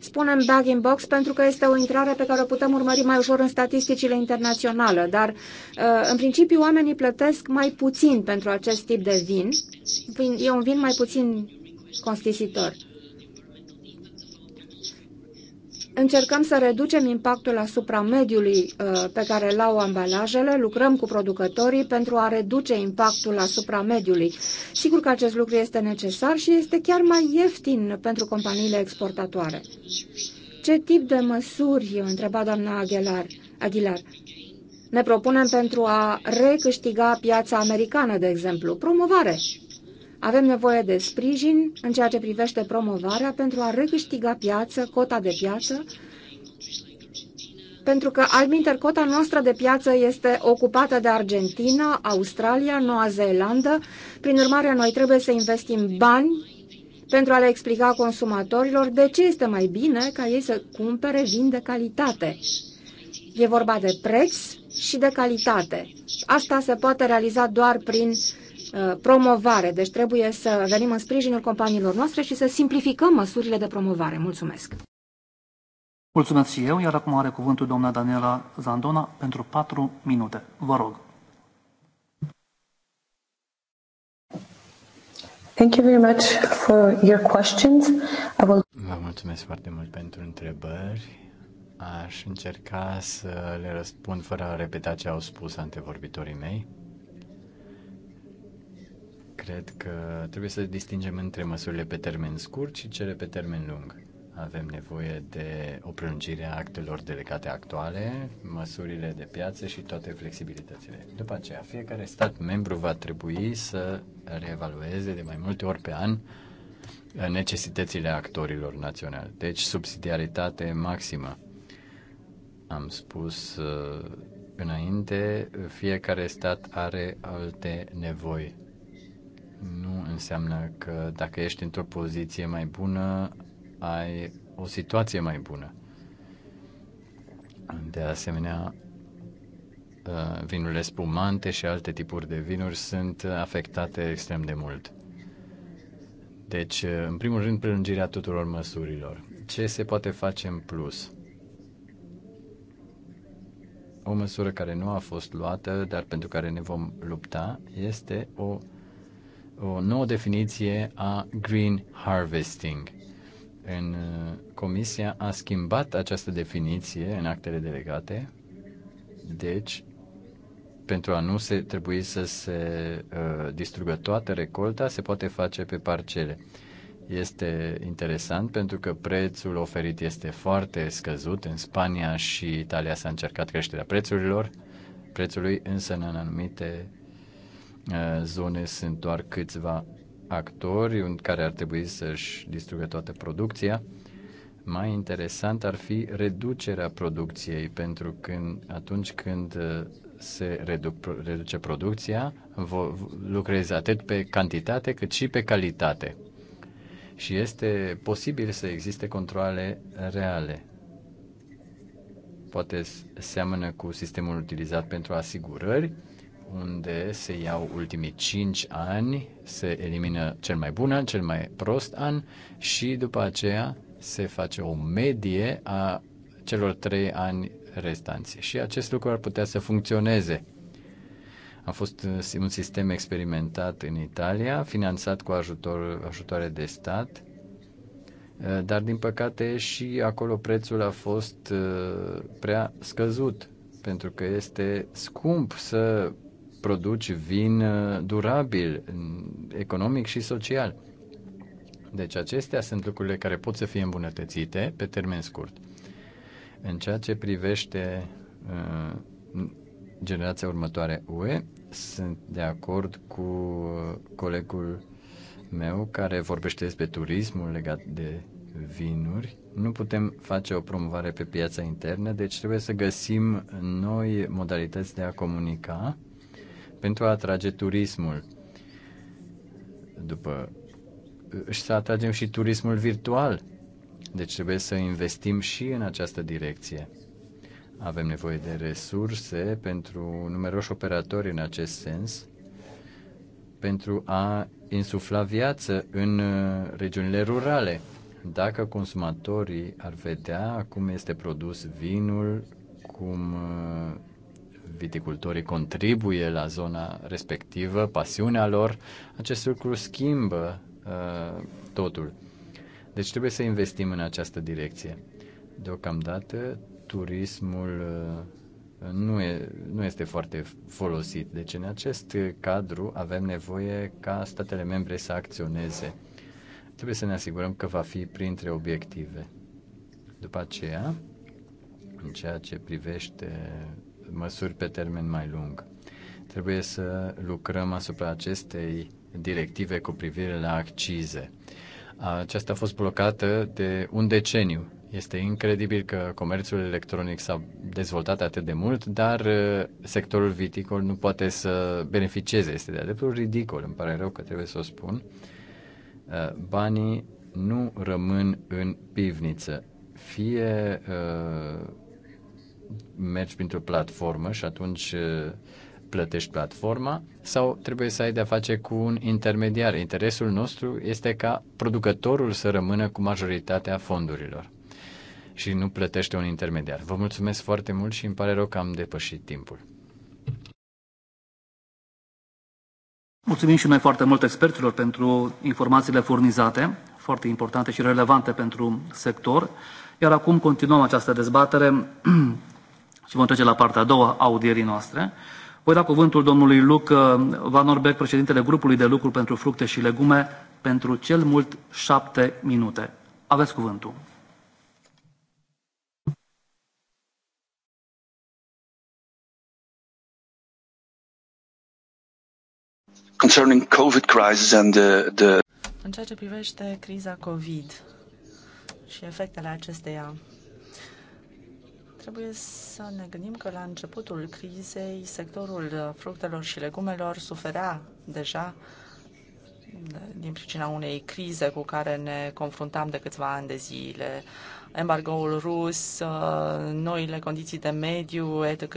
spunem bag in box pentru că este o intrare pe care o putem urmări mai ușor în statisticile internaționale, dar uh, în principiu oamenii plătesc mai puțin pentru acest tip de vin. E un vin mai puțin costisitor. Încercăm să reducem impactul asupra mediului uh, pe care îl au ambalajele, lucrăm cu producătorii pentru a reduce impactul asupra mediului. Sigur că acest lucru este necesar și este chiar mai ieftin pentru companiile exportatoare. Ce tip de măsuri, întreba doamna Aguilar, Aguilar ne propunem pentru a recâștiga piața americană, de exemplu? Promovare, avem nevoie de sprijin în ceea ce privește promovarea pentru a recâștiga piață, cota de piață, pentru că alminter cota noastră de piață este ocupată de Argentina, Australia, Noua Zeelandă. Prin urmare, noi trebuie să investim bani pentru a le explica consumatorilor de ce este mai bine ca ei să cumpere vin de calitate. E vorba de preț și de calitate. Asta se poate realiza doar prin Uh, promovare. Deci trebuie să venim în sprijinul companiilor noastre și să simplificăm măsurile de promovare. Mulțumesc! Mulțumesc și eu, iar acum are cuvântul doamna Daniela Zandona pentru patru minute. Vă rog. Thank you very much for your questions. I will... Vă mulțumesc foarte mult pentru întrebări. Aș încerca să le răspund fără a repeta ce au spus antevorbitorii mei. Cred că trebuie să distingem între măsurile pe termen scurt și cele pe termen lung. Avem nevoie de o prelungire a actelor delegate actuale, măsurile de piață și toate flexibilitățile. După aceea, fiecare stat membru va trebui să reevalueze de mai multe ori pe an necesitățile actorilor naționali. Deci, subsidiaritate maximă. Am spus uh, înainte, fiecare stat are alte nevoi nu înseamnă că dacă ești într-o poziție mai bună, ai o situație mai bună. De asemenea, uh, vinurile spumante și alte tipuri de vinuri sunt afectate extrem de mult. Deci, uh, în primul rând, prelungirea tuturor măsurilor. Ce se poate face în plus? O măsură care nu a fost luată, dar pentru care ne vom lupta, este o uh, o nouă definiție a green harvesting. În uh, comisia a schimbat această definiție în actele delegate, deci pentru a nu se trebui să se uh, distrugă toată recolta, se poate face pe parcele. Este interesant pentru că prețul oferit este foarte scăzut. În Spania și Italia s-a încercat creșterea prețurilor, prețului însă în anumite Eh, zone sunt doar câțiva actori în care ar trebui să-și distrugă toată producția. Mai interesant ar fi reducerea producției, pentru că atunci când eh, se reduc, reduce producția, lucrezi atât pe cantitate cât și pe calitate. Și este posibil să existe controle reale. Poate seamănă cu sistemul utilizat pentru asigurări, unde se iau ultimii 5 ani, se elimină cel mai bun an, cel mai prost an și după aceea se face o medie a celor 3 ani restanți. Și acest lucru ar putea să funcționeze. A fost uh, un sistem experimentat în Italia, finanțat cu ajutor, ajutoare de stat, uh, dar din păcate și acolo prețul a fost uh, prea scăzut pentru că este scump să produci vin uh, durabil, economic și social. Deci acestea sunt lucrurile care pot să fie îmbunătățite pe termen scurt. În ceea ce privește uh, generația următoare UE, sunt de acord cu uh, colegul meu care vorbește despre turismul legat de vinuri. Nu putem face o promovare pe piața internă, deci trebuie să găsim noi modalități de a comunica pentru a atrage turismul. După și să atragem și turismul virtual. Deci trebuie să investim și în această direcție. Avem nevoie de resurse pentru numeroși operatori în acest sens, pentru a insufla viață în uh, regiunile rurale. Dacă consumatorii ar vedea cum este produs vinul, cum uh, viticultorii contribuie la zona respectivă, pasiunea lor, acest lucru schimbă uh, totul. Deci trebuie să investim în această direcție. Deocamdată turismul uh, nu, e, nu este foarte folosit. Deci în acest cadru avem nevoie ca statele membre să acționeze. Trebuie să ne asigurăm că va fi printre obiective. După aceea, în ceea ce privește măsuri pe termen mai lung. Trebuie să lucrăm asupra acestei directive cu privire la accize. Aceasta a fost blocată de un deceniu. Este incredibil că comerțul electronic s-a dezvoltat atât de mult, dar uh, sectorul viticol nu poate să beneficieze. Este de-a dreptul ridicol, îmi pare rău că trebuie să o spun. Uh, banii nu rămân în pivniță. Fie uh, mergi printr-o platformă și atunci uh, plătești platforma sau trebuie să ai de-a face cu un intermediar. Interesul nostru este ca producătorul să rămână cu majoritatea fondurilor și nu plătește un intermediar. Vă mulțumesc foarte mult și îmi pare rău că am depășit timpul. Mulțumim și noi foarte mult experților pentru informațiile furnizate, foarte importante și relevante pentru sector. Iar acum continuăm această dezbatere și vom trece la partea a doua a audierii noastre. Voi da cuvântul domnului Luc uh, Van Orbeck, președintele grupului de lucru pentru fructe și legume, pentru cel mult șapte minute. Aveți cuvântul. Concerning COVID crisis and the, the... În ceea ce privește criza COVID și efectele acesteia Trebuie să ne gândim că la începutul crizei sectorul uh, fructelor și legumelor suferea deja din pricina unei crize cu care ne confruntam de câțiva ani de zile. Embargoul rus, uh, noile condiții de mediu, etc.,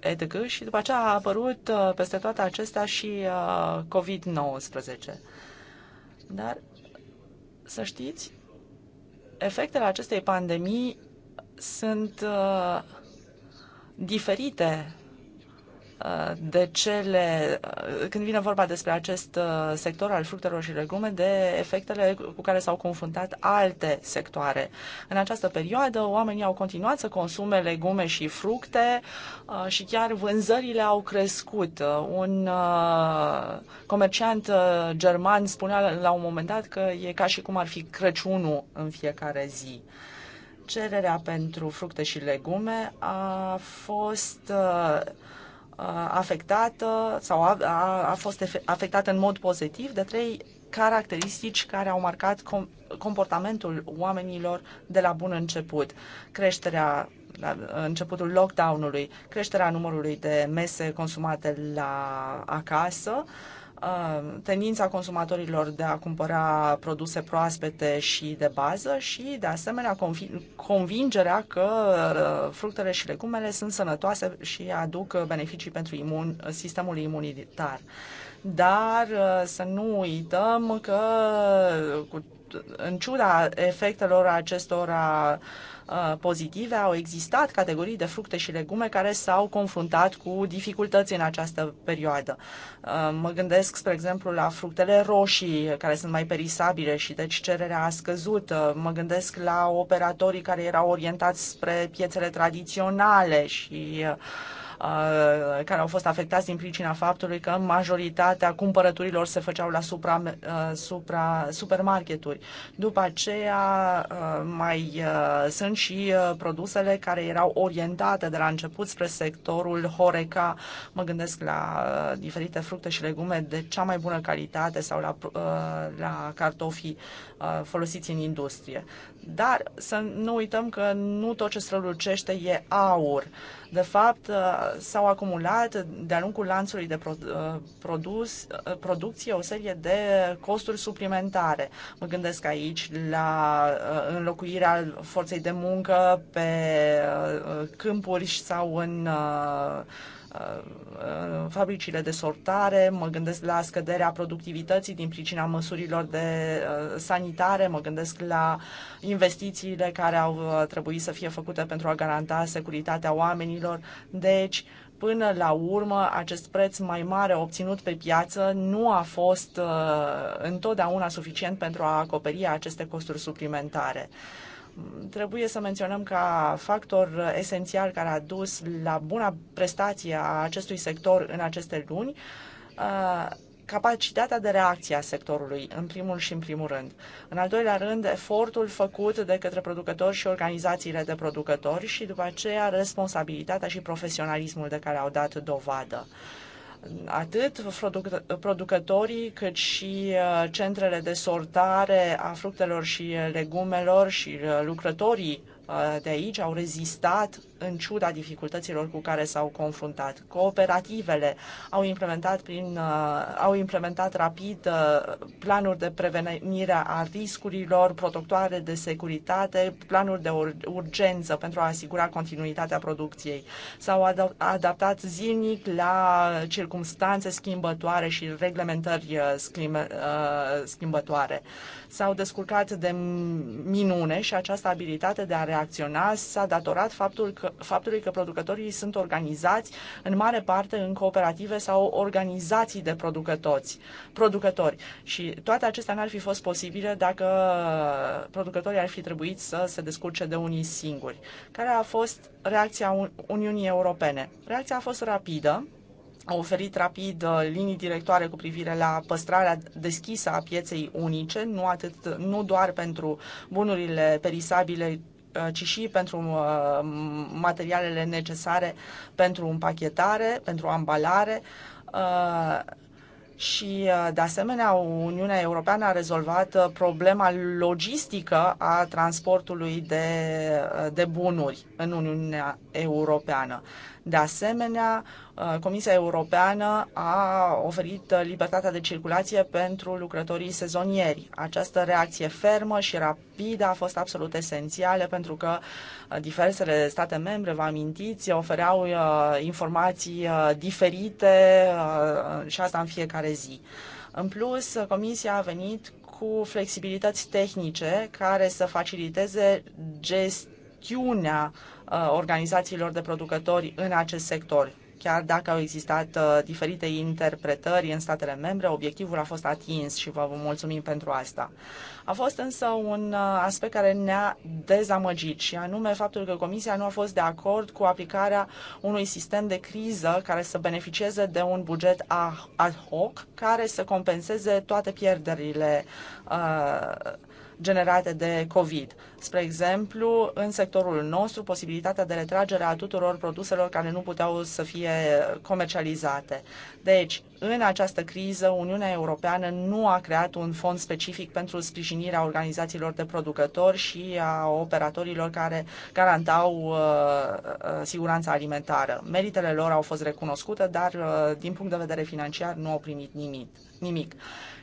etc. Și după aceea a apărut uh, peste toate acestea și COVID-19. Dar să știți, efectele acestei pandemii sunt uh, diferite uh, de cele, uh, când vine vorba despre acest sector al fructelor și legume, de efectele cu care s-au confruntat alte sectoare. În această perioadă, oamenii au continuat să consume legume și fructe și chiar vânzările au crescut. Un comerciant german spunea la un moment dat că e ca și cum ar fi Crăciunul în fiecare zi cererea pentru fructe și legume a fost uh, uh, afectată sau a, a, a fost afectată în mod pozitiv de trei caracteristici care au marcat com, comportamentul oamenilor de la bun început. Creșterea la începutul lockdown-ului, creșterea numărului de mese consumate la acasă, uh, Uh, tendința consumatorilor de a cumpăra produse proaspete și de bază și, de asemenea, convingerea că uh, fructele și legumele sunt sănătoase și aduc beneficii pentru imun, sistemul imunitar. Dar uh, să nu uităm că, în ciuda efectelor acestora Uh, pozitive, au existat categorii de fructe și legume care s-au confruntat cu dificultăți în această perioadă. Uh, mă gândesc, spre exemplu, la fructele roșii, care sunt mai perisabile și deci cererea a scăzut. Uh, mă gândesc la operatorii care erau orientați spre piețele tradiționale și uh, Uh, care au fost afectați din pricina faptului că majoritatea cumpărăturilor se făceau la supra, uh, supra, supermarketuri. După aceea uh, mai sunt și produsele care erau orientate de la început spre sectorul Horeca. Mă gândesc la diferite fructe și legume de cea mai bună calitate sau la, la cartofii folosiți în industrie. Dar să nu uităm că nu tot ce strălucește e aur. Uh, de fapt, uh, s-au acumulat de-a lungul lanțului de uh, produs, uh, producție o serie de costuri suplimentare. Mă gândesc aici la înlocuirea forței de muncă pe câmpuri sau în Uh, fabricile de sortare, mă gândesc la scăderea productivității din pricina măsurilor de uh, sanitare, mă gândesc la investițiile care au uh, trebuit să fie făcute pentru a garanta securitatea oamenilor. Deci, până la urmă, acest preț mai mare obținut pe piață nu a fost întotdeauna suficient pentru a acoperi aceste costuri suplimentare trebuie să menționăm ca factor esențial care a dus la buna prestație a acestui sector în aceste luni uh, capacitatea de reacție a sectorului, în primul și în primul rând. În al doilea rând, efortul făcut de către producători și organizațiile de producători și după aceea responsabilitatea și profesionalismul de care au dat dovadă. Uh, atât produc- producătorii cât și uh, centrele de sortare a fructelor și uh, legumelor și uh, lucrătorii de aici au rezistat în ciuda dificultăților cu care s-au confruntat. Cooperativele au implementat, prin, uh, au implementat rapid uh, planuri de prevenire a riscurilor, protocoare de securitate, planuri de urgență pentru a asigura continuitatea producției. S-au adaptat zilnic la circumstanțe schimbătoare și reglementări uh, schimbătoare. S-au descurcat de minune și această abilitate de a reacționa s-a datorat faptul că faptului că producătorii sunt organizați în mare parte în cooperative sau organizații de producători. producători. Și toate acestea n-ar fi fost posibile dacă producătorii ar fi trebuit să se descurce de unii singuri. Care a fost reacția Uniunii Europene? Reacția a fost rapidă, a oferit rapid uh, linii directoare cu privire la păstrarea deschisă a pieței unice, nu, atât, nu doar pentru bunurile perisabile, Uh, ci și pentru uh, materialele necesare pentru împachetare, pentru ambalare uh, și, de asemenea, Uniunea Europeană a rezolvat problema logistică a transportului de, de bunuri în Uniunea Europeană. De asemenea, uh, Comisia Europeană a oferit uh, libertatea de circulație pentru lucrătorii sezonieri. Această reacție fermă și rapidă a fost absolut esențială pentru că uh, diversele state membre, vă amintiți, ofereau informații diferite și asta în fiecare zi. În plus, Comisia a venit cu flexibilități tehnice care să faciliteze gestiunea uh, Uh, organizațiilor de producători în acest sector. Chiar dacă au existat uh, diferite interpretări în statele membre, obiectivul a fost atins și vă mulțumim pentru asta. A fost însă un uh, aspect care ne-a dezamăgit și anume faptul că Comisia nu a fost de acord cu aplicarea unui sistem de criză care să beneficieze de un buget ad hoc care să compenseze toate pierderile uh, generate de COVID. Spre exemplu, în sectorul nostru, posibilitatea de retragere a tuturor produselor care nu puteau să fie comercializate. Deci, în această criză, Uniunea Europeană nu a creat un fond specific pentru sprijinirea organizațiilor de producători și a operatorilor care garantau uh, uh siguranța alimentară. Meritele lor au fost recunoscute, dar uh, din punct de vedere financiar nu au primit nimic. nimic.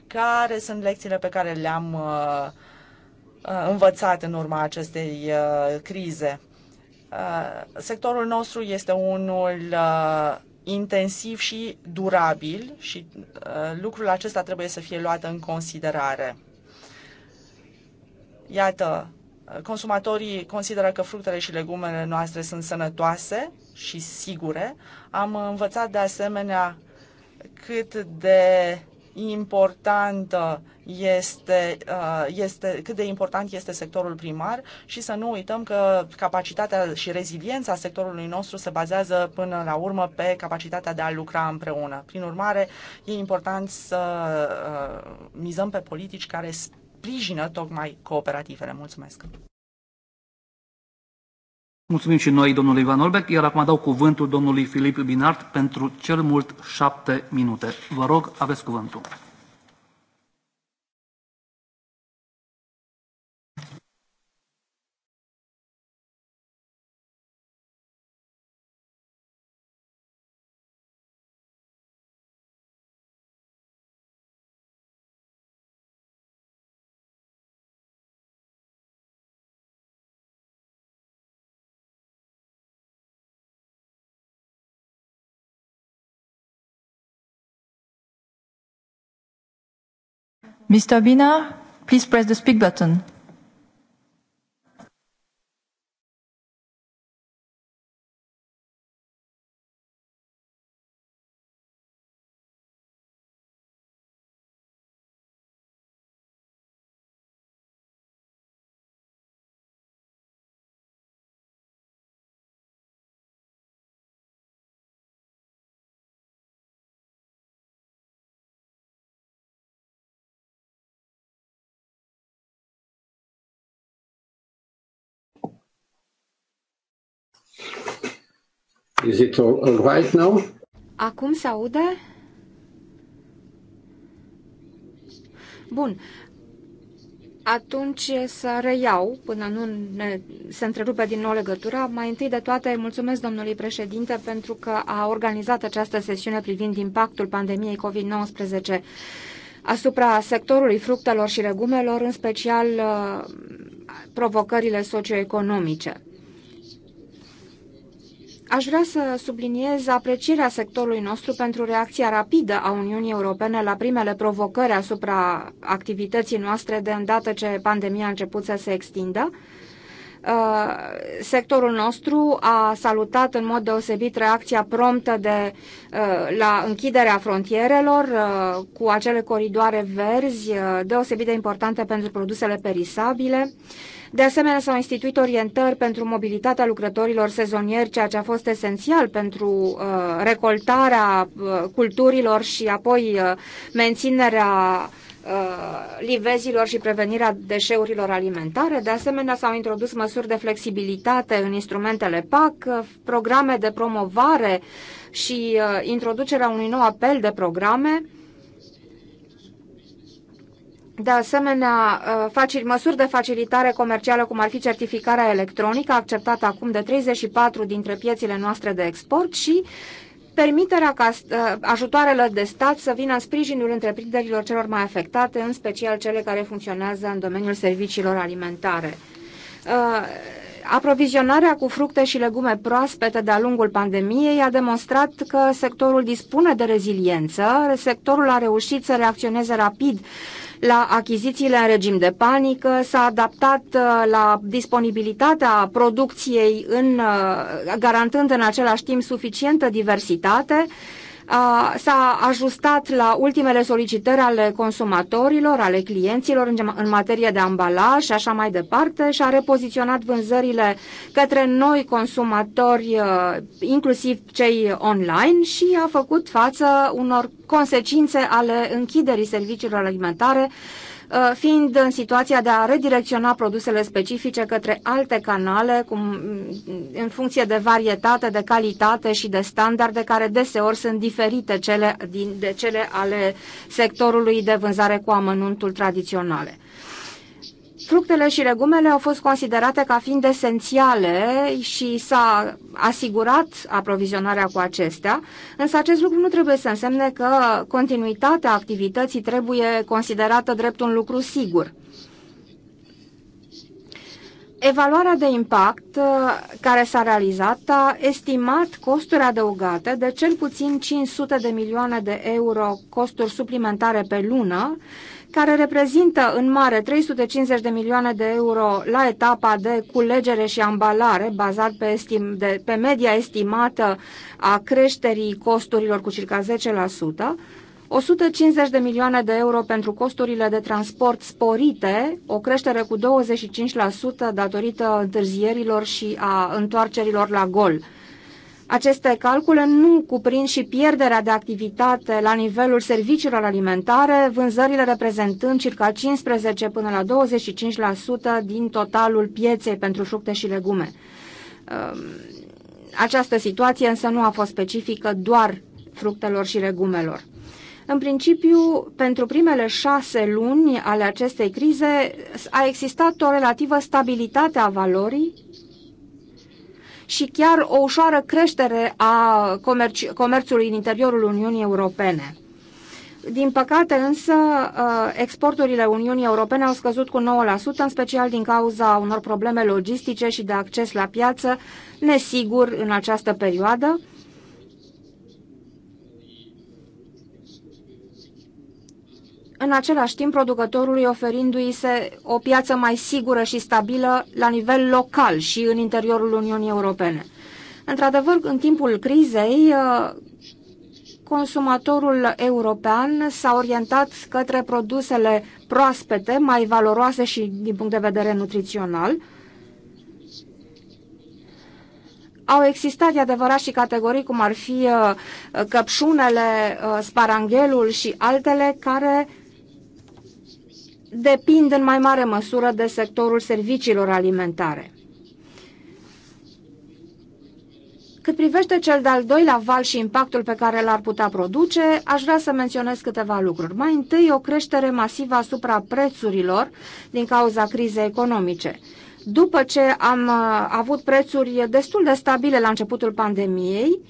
Care sunt lecțiile pe care le-am uh, Uh, învățat în urma acestei uh, crize. Uh, sectorul nostru este unul intensiv și durabil și lucrul acesta trebuie să fie luat în considerare. Iată, consumatorii consideră că fructele și legumele noastre sunt sănătoase și sigure. Am învățat de asemenea cât de importantă este, uh, este, cât de important este sectorul primar și să nu uităm că capacitatea și reziliența sectorului nostru se bazează până la urmă pe capacitatea de a lucra împreună. Prin urmare, e important să uh, mizăm pe politici care sprijină tocmai cooperativele. Mulțumesc! Mulțumim și noi, domnului Ivan Olbeck, iar acum dau cuvântul domnului Filip Binart pentru cel mult șapte minute. Vă rog, aveți cuvântul. Mr. Bina, please press the speak button. Is it all, all right now? Acum se aude? Bun. Atunci să reiau, până nu ne, se întrerupe din nou legătura. Mai întâi de toate, mulțumesc domnului președinte pentru că a organizat această sesiune privind impactul pandemiei COVID-19 asupra sectorului fructelor și legumelor, în special uh, provocările socioeconomice. Aș vrea să subliniez aprecierea sectorului nostru pentru reacția rapidă a Uniunii Europene la primele provocări asupra activității noastre de îndată ce pandemia a început să se extindă. Uh, sectorul nostru a salutat în mod deosebit reacția promptă de, uh, la închiderea frontierelor uh, cu acele coridoare verzi deosebit de importante pentru produsele perisabile de asemenea, s-au instituit orientări pentru mobilitatea lucrătorilor sezonieri, ceea ce a fost esențial pentru uh, recoltarea uh, culturilor și apoi uh, menținerea uh, livezilor și prevenirea deșeurilor alimentare. De asemenea, s-au introdus măsuri de flexibilitate în instrumentele PAC, uh, programe de promovare și uh, introducerea unui nou apel de programe de asemenea, uh, măsuri de facilitare comercială, cum ar fi certificarea electronică, acceptată acum de 34 dintre piețile noastre de export și permiterea ca uh, ajutoarele de stat să vină în sprijinul întreprinderilor celor mai afectate, în special cele care funcționează în domeniul serviciilor alimentare. Uh, aprovizionarea cu fructe și legume proaspete de-a lungul pandemiei a demonstrat că sectorul dispune de reziliență, sectorul a reușit să reacționeze rapid la achizițiile în regim de panică, s-a adaptat uh, la disponibilitatea producției, în, uh, garantând în același timp suficientă diversitate s-a ajustat la ultimele solicitări ale consumatorilor, ale clienților în, în materie de ambalaj și așa mai departe și a repoziționat vânzările către noi consumatori, uh, inclusiv cei online și a făcut față unor consecințe ale închiderii serviciilor alimentare Uh, fiind în situația de a redirecționa produsele specifice către alte canale cum, mm, în funcție de varietate, de calitate și de standarde care deseori sunt diferite cele, din, de cele ale sectorului de vânzare cu amănuntul tradiționale. Fructele și legumele au fost considerate ca fiind esențiale și s-a asigurat aprovizionarea cu acestea, însă acest lucru nu trebuie să însemne că continuitatea activității trebuie considerată drept un lucru sigur. Evaluarea de impact uh, care s-a realizat a estimat costuri adăugate de cel puțin 500 de milioane de euro costuri suplimentare pe lună, care reprezintă în mare 350 de milioane de euro la etapa de culegere și ambalare, bazat pe, estim, de, pe media estimată a creșterii costurilor cu circa 10%, 150 de milioane de euro pentru costurile de transport sporite, o creștere cu 25% datorită întârzierilor și a întoarcerilor la gol. Aceste calcule nu cuprind și pierderea de activitate la nivelul serviciilor alimentare, vânzările reprezentând circa 15 până la 25% din totalul pieței pentru fructe și legume. Um, această situație însă nu a fost specifică doar fructelor și legumelor. În principiu, pentru primele șase luni ale acestei crize a existat o relativă stabilitate a valorii, și chiar o ușoară creștere a comerțului în interiorul Uniunii Europene. Din păcate însă, uh, exporturile Uniunii Europene au scăzut cu 9%, în special din cauza unor probleme logistice și de acces la piață, nesigur în această perioadă, în același timp producătorului oferindu-i se o piață mai sigură și stabilă la nivel local și în interiorul Uniunii Europene. Într-adevăr, în timpul crizei, uh, consumatorul european s-a orientat către produsele proaspete, mai valoroase și din punct de vedere nutrițional. Au existat, de adevărat, și categorii cum ar fi uh, căpșunele, uh, sparanghelul și altele care depind în mai mare măsură de sectorul serviciilor alimentare. Cât privește cel de-al doilea val și impactul pe care l-ar putea produce, aș vrea să menționez câteva lucruri. Mai întâi, o creștere masivă asupra prețurilor din cauza crizei economice. După ce am uh, avut prețuri destul de stabile la începutul pandemiei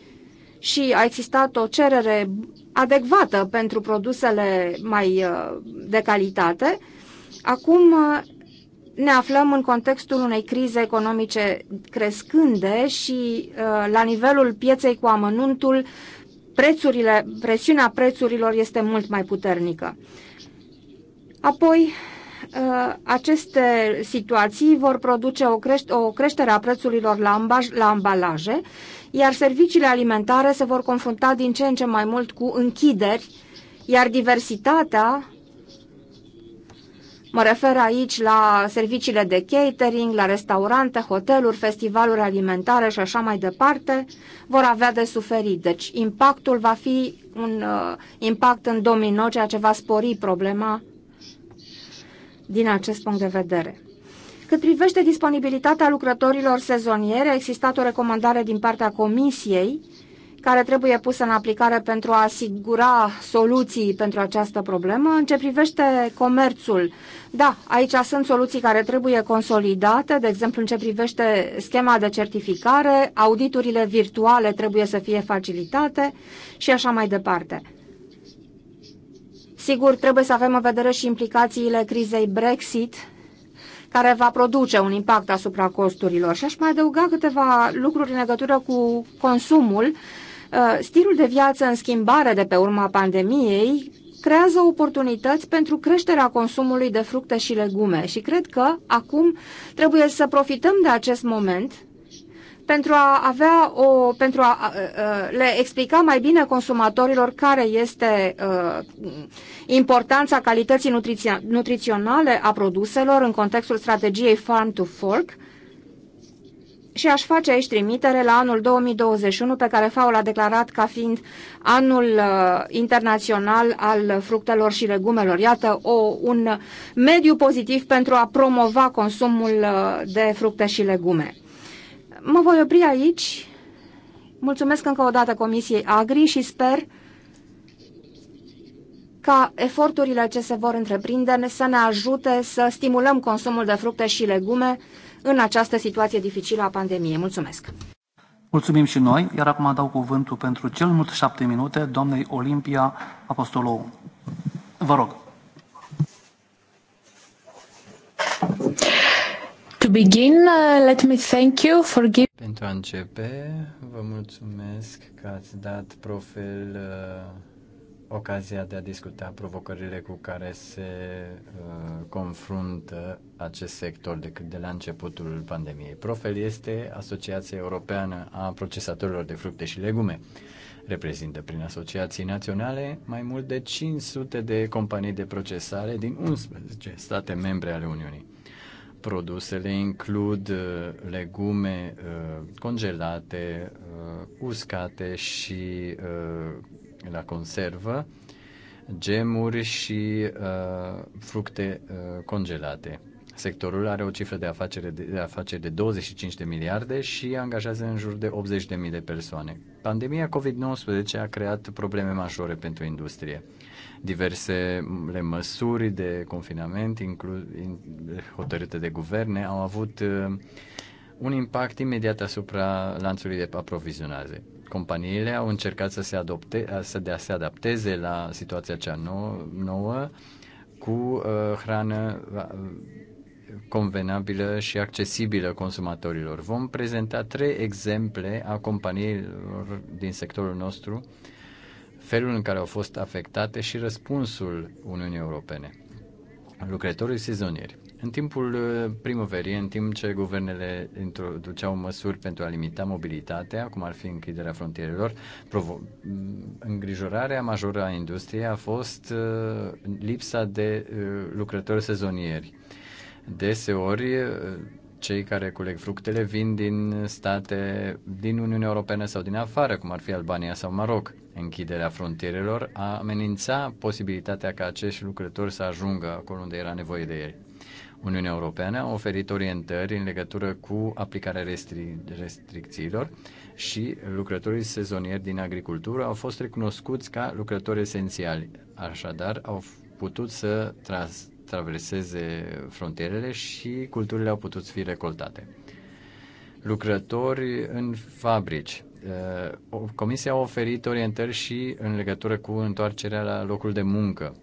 și a existat o cerere adecvată pentru produsele mai uh, de calitate, Acum uh, ne aflăm în contextul unei crize economice crescânde și uh, la nivelul pieței cu amănuntul, prețurile, presiunea prețurilor este mult mai puternică. Apoi, uh, aceste situații vor produce o, creș- o creștere a prețurilor la, la ambalaje, iar serviciile alimentare se vor confrunta din ce în ce mai mult cu închideri, iar diversitatea Mă refer aici la serviciile de catering, la restaurante, hoteluri, festivaluri alimentare și așa mai departe, vor avea de suferit. Deci impactul va fi un uh, impact în domino, ceea ce va spori problema din acest punct de vedere. Cât privește disponibilitatea lucrătorilor sezoniere, a existat o recomandare din partea Comisiei care trebuie pusă în aplicare pentru a asigura soluții pentru această problemă. În ce privește comerțul, da, aici sunt soluții care trebuie consolidate, de exemplu în ce privește schema de certificare, auditurile virtuale trebuie să fie facilitate și așa mai departe. Sigur, trebuie să avem în vedere și implicațiile crizei Brexit, care va produce un impact asupra costurilor. Și aș mai adăuga câteva lucruri în legătură cu consumul, Uh, stilul de viață în schimbare de pe urma pandemiei creează oportunități pentru creșterea consumului de fructe și legume și cred că acum trebuie să profităm de acest moment pentru a avea o, pentru a, uh, uh, le explica mai bine consumatorilor care este importanța calității nutriționale a produselor în contextul strategiei Farm to Fork și aș face aici trimitere la anul 2021 pe care FAO l-a declarat ca fiind anul uh, internațional al fructelor și legumelor. Iată o, un mediu pozitiv pentru a promova consumul uh, de fructe și legume. Mă voi opri aici. Mulțumesc încă o dată Comisiei Agri și sper ca eforturile ce se vor întreprinde să ne ajute să stimulăm consumul de fructe și legume în această situație dificilă a pandemiei. Mulțumesc! Mulțumim și noi, iar acum dau cuvântul pentru cel mult șapte minute doamnei Olimpia Apostolou. Vă rog. To begin, uh, let me thank you for giving... Pentru a începe, vă mulțumesc că ați dat profil uh ocazia de a discuta provocările cu care se uh, confruntă acest sector de de la începutul pandemiei. Profel este Asociația Europeană a Procesatorilor de Fructe și Legume. Reprezintă prin asociații naționale mai mult de 500 de companii de procesare din 11 state membre ale Uniunii. Produsele includ uh, legume uh, congelate, uh, uscate și uh, la conservă, gemuri și uh, fructe uh, congelate. Sectorul are o cifră de afaceri de, de afacere de 25 de miliarde și angajează în jur de 80 de mii de persoane. Pandemia COVID-19 a creat probleme majore pentru industrie. Diversele măsuri de confinament inclu- hotărâte de guverne au avut uh, un impact imediat asupra lanțului de aprovizionare companiile au încercat să se, adopte, să dea se adapteze la situația cea nouă, nouă cu uh, hrană convenabilă și accesibilă consumatorilor. Vom prezenta trei exemple a companiilor din sectorul nostru, felul în care au fost afectate și răspunsul Uniunii Europene. Lucrătorii sezonieri. În timpul uh, primăverii, în timp ce guvernele introduceau măsuri pentru a limita mobilitatea, cum ar fi închiderea frontierelor, îngrijorarea majoră a industriei a fost uh, lipsa de uh, lucrători sezonieri. Deseori, cei care culeg fructele vin din state din Uniunea Europeană sau din afară, cum ar fi Albania sau Maroc. Închiderea frontierelor a amenința posibilitatea ca acești lucrători să ajungă acolo unde era nevoie de ei. Uniunea Europeană a oferit orientări în legătură cu aplicarea restric- restricțiilor și lucrătorii sezonieri din agricultură au fost recunoscuți ca lucrători esențiali. Așadar, au putut să tras- traverseze frontierele și culturile au putut fi recoltate. Lucrători în fabrici. Uh, Comisia a oferit orientări și în legătură cu întoarcerea la locul de muncă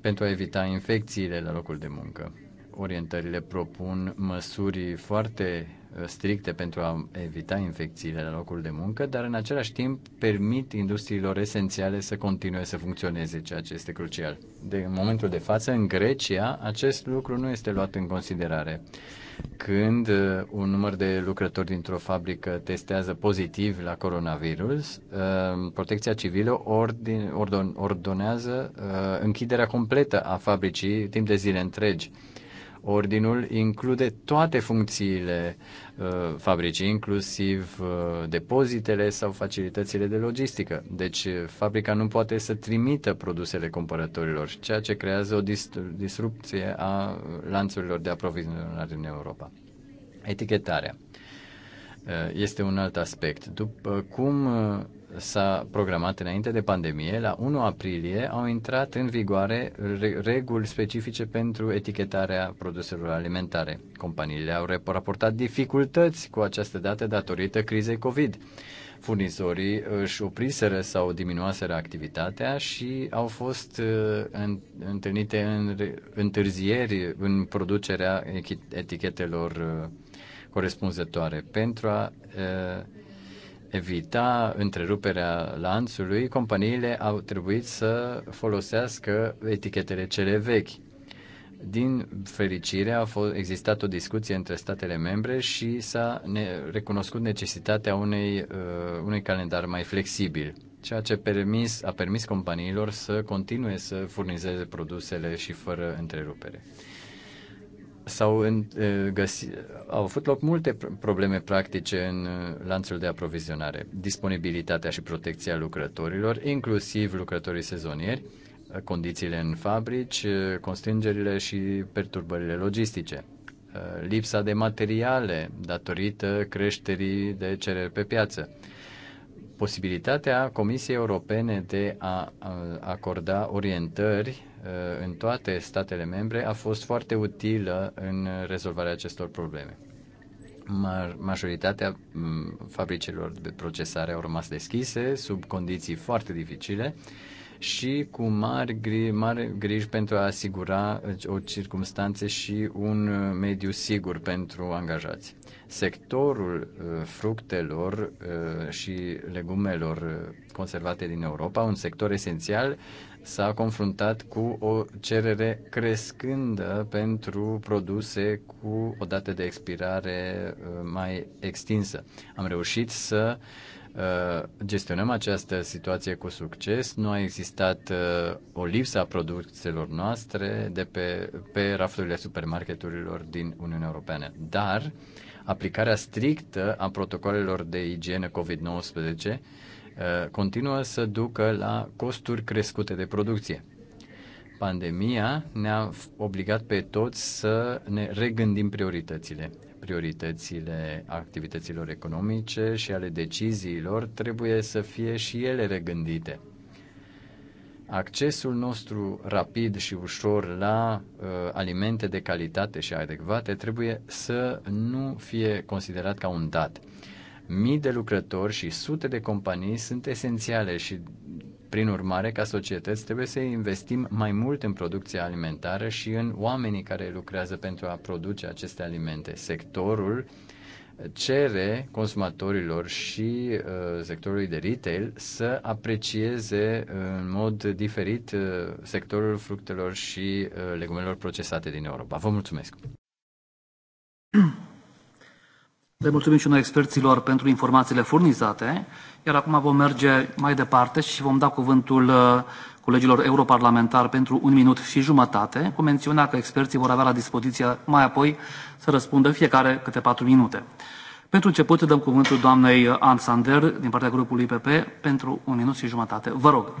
pentru a evita infecțiile la locul de muncă. Orientările propun măsuri foarte uh, stricte pentru a evita infecțiile la locul de muncă, dar în același timp permit industriilor esențiale să continue să funcționeze, ceea ce este crucial. De în momentul de față, în Grecia, acest lucru nu este luat în considerare când uh, un număr de lucrători dintr-o fabrică testează pozitiv la coronavirus, uh, protecția civilă ordon, ordonează uh, închiderea completă a fabricii timp de zile întregi. Ordinul include toate funcțiile Uh, fabricii, inclusiv uh, depozitele sau facilitățile de logistică. Deci uh, fabrica nu poate să trimită produsele cumpărătorilor, ceea ce creează o disrupție a lanțurilor de aprovizionare în Europa. Etichetarea este un alt aspect. După cum s-a programat înainte de pandemie, la 1 aprilie au intrat în vigoare reguli specifice pentru etichetarea produselor alimentare. Companiile au raportat dificultăți cu această dată datorită crizei COVID. Furnizorii își opriseră sau diminuaseră activitatea și au fost uh, întâlnite în întârzieri în producerea etichetelor uh, corespunzătoare pentru a uh, evita întreruperea lanțului, companiile au trebuit să folosească etichetele cele vechi. Din fericire a fost, existat o discuție între statele membre și s-a ne, recunoscut necesitatea unei, uh, unui calendar mai flexibil, ceea ce permis, a permis companiilor să continue să furnizeze produsele și fără întrerupere s-au uh, găsit, au avut loc multe probleme practice în uh, lanțul de aprovizionare. Disponibilitatea și protecția lucrătorilor, inclusiv lucrătorii sezonieri, uh, condițiile în fabrici, constrângerile și perturbările logistice. Lipsa de materiale datorită creșterii de cereri pe piață. Posibilitatea Comisiei Europene de a acorda orientări Uh, în toate statele membre a fost foarte utilă în rezolvarea acestor probleme. Majoritatea mm, fabricilor de procesare au rămas deschise sub condiții foarte dificile și cu mari, gri, mari griji pentru a asigura uh, o circunstanțe și un uh, mediu sigur pentru angajați. Sectorul fructelor și legumelor conservate din Europa, un sector esențial, s-a confruntat cu o cerere crescândă pentru produse cu o dată de expirare uh, mai extinsă. Am reușit să uh, gestionăm această situație cu succes. Nu a existat uh, o lipsă a produselor noastre de pe, pe rafturile supermarketurilor din Uniunea Europeană. Dar aplicarea strictă a protocolelor de igienă COVID-19 Uh, continuă să ducă la costuri crescute de producție. Pandemia ne-a obligat pe toți să ne regândim prioritățile. Prioritățile activităților economice și ale deciziilor trebuie să fie și ele regândite accesul nostru rapid și ușor la uh, alimente de calitate și adecvate trebuie să nu fie considerat ca un dat. Mii de lucrători și sute de companii sunt esențiale și, prin urmare, ca societăți trebuie să investim mai mult în producția alimentară și în oamenii care lucrează pentru a produce aceste alimente. Sectorul cere consumatorilor și uh, sectorului de retail să aprecieze în mod diferit uh, sectorul fructelor și uh, legumelor procesate din Europa. Vă mulțumesc! Le mulțumim și noi experților pentru informațiile furnizate, iar acum vom merge mai departe și vom da cuvântul uh, colegilor europarlamentari pentru un minut și jumătate, cu mențiunea că experții vor avea la dispoziție mai apoi să răspundă fiecare câte patru minute. Pentru început dăm cuvântul doamnei Ann Sander din partea grupului PP pentru un minut și jumătate. Vă rog.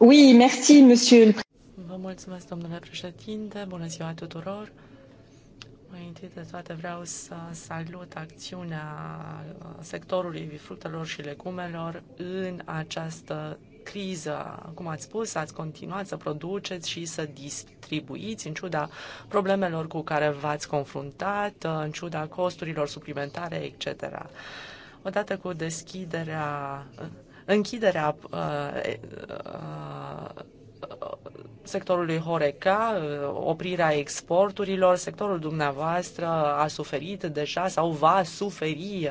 Oui, merci, monsieur le Vă mulțumesc, domnule președinte. Bună ziua tuturor. Mai întâi de toate vreau să salut acțiunea sectorului fructelor și legumelor în această criză, cum ați spus, ați continuat să produceți și să distribuiți în ciuda problemelor cu care v-ați confruntat, în ciuda costurilor suplimentare, etc. Odată cu deschiderea închiderea uh, uh, sectorului Horeca, uh, oprirea exporturilor, sectorul dumneavoastră a suferit deja sau va suferi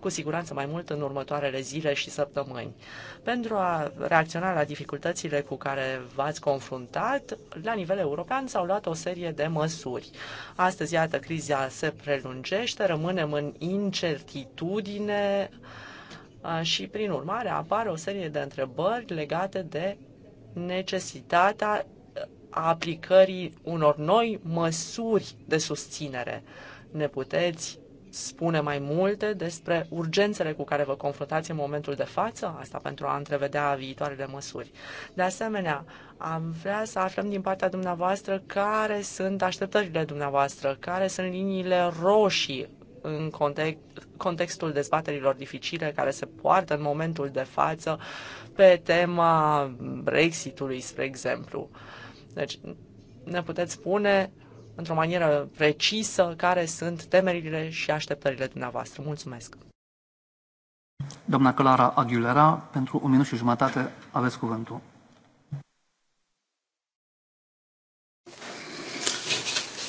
cu siguranță mai mult în următoarele zile și săptămâni. Pentru a reacționa la dificultățile cu care v-ați confruntat, la nivel european s-au luat o serie de măsuri. Astăzi, iată, criza se prelungește, rămânem în incertitudine, uh, și, prin urmare, apar o serie de întrebări legate de necesitatea aplicării unor noi măsuri de susținere. Ne puteți spune mai multe despre urgențele cu care vă confruntați în momentul de față, asta pentru a întrevedea viitoarele măsuri. De asemenea, am vrea să aflăm din partea dumneavoastră care sunt așteptările dumneavoastră, care sunt liniile roșii în contextul dezbaterilor dificile care se poartă în momentul de față pe tema Brexitului, spre exemplu. Deci, ne puteți spune într-o manieră precisă care sunt temerile și așteptările dumneavoastră. Mulțumesc! Doamna Clara Aguilera, pentru un minut și jumătate aveți cuvântul.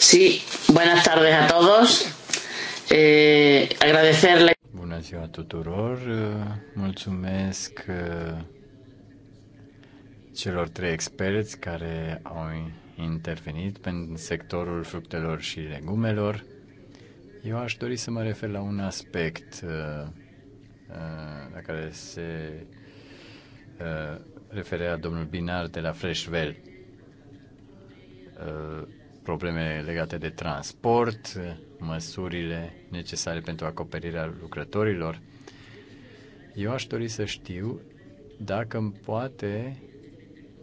Sí, buenas tardes a todos. Eh, agradecerle. Bună ziua tuturor! Eh, mulțumesc eh, celor trei experți care au intervenit pentru sectorul fructelor și legumelor. Eu aș dori să mă refer la un aspect la care se referea domnul Binar de la Freshwell probleme legate de transport, măsurile necesare pentru acoperirea lucrătorilor. Eu aș dori să știu dacă îmi poate,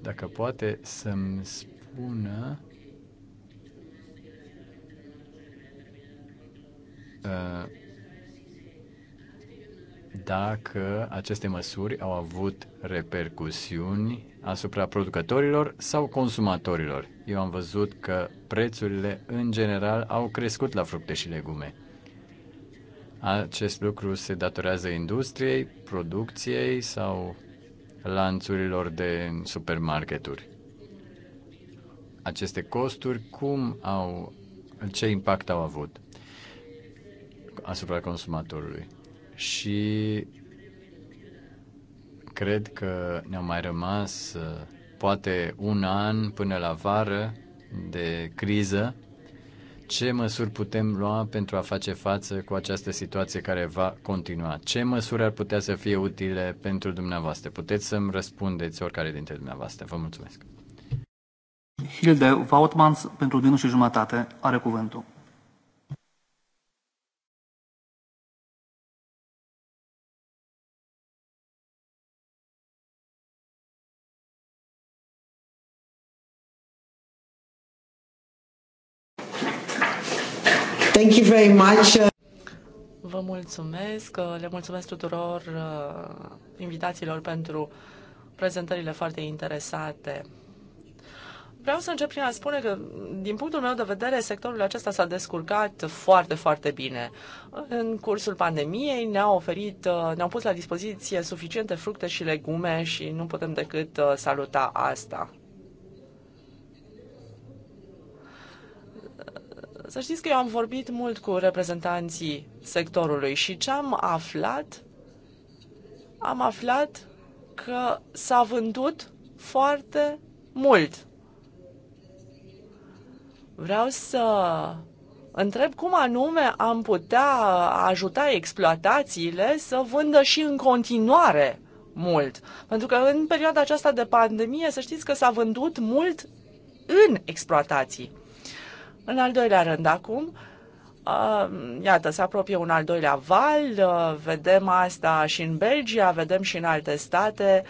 dacă poate să-mi spună uh, dacă aceste măsuri au avut repercusiuni asupra producătorilor sau consumatorilor eu am văzut că prețurile în general au crescut la fructe și legume. Acest lucru se datorează industriei, producției sau lanțurilor de supermarketuri. Aceste costuri, cum au, ce impact au avut asupra consumatorului? Și cred că ne-au mai rămas poate un an până la vară de criză, ce măsuri putem lua pentru a face față cu această situație care va continua? Ce măsuri ar putea să fie utile pentru dumneavoastră? Puteți să-mi răspundeți oricare dintre dumneavoastră. Vă mulțumesc. Hilde Vautmans, pentru din și jumătate, are cuvântul. Thank you very much. Vă mulțumesc, le mulțumesc tuturor uh, invitațiilor pentru prezentările foarte interesate. Vreau să încep prin a spune că, din punctul meu de vedere, sectorul acesta s-a descurcat foarte, foarte bine. În cursul pandemiei ne au oferit, uh, ne-au pus la dispoziție suficiente fructe și legume și nu putem decât uh, saluta asta. Să știți că eu am vorbit mult cu reprezentanții sectorului și ce am aflat, am aflat că s-a vândut foarte mult. Vreau să întreb cum anume am putea ajuta exploatațiile să vândă și în continuare mult. Pentru că în perioada aceasta de pandemie, să știți că s-a vândut mult în exploatații. În al doilea rând, acum, uh, iată, se apropie un al doilea val, uh, vedem asta și în Belgia, vedem și în alte state.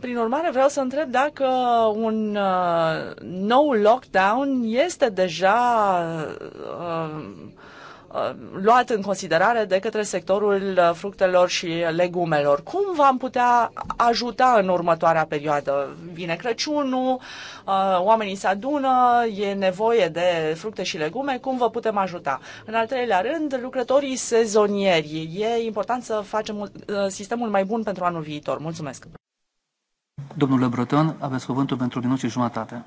Prin urmare, vreau să întreb dacă un uh, nou lockdown este deja Uh, luat în considerare de către sectorul uh, fructelor și legumelor. Cum v-am putea ajuta în următoarea perioadă? Vine Crăciunul, uh, oamenii se adună, e nevoie de fructe și legume, cum vă putem ajuta? În al treilea rând, lucrătorii sezonieri. E important să facem sistemul mai bun pentru anul viitor. Mulțumesc! Domnule Brătân, aveți cuvântul pentru minut și jumătate.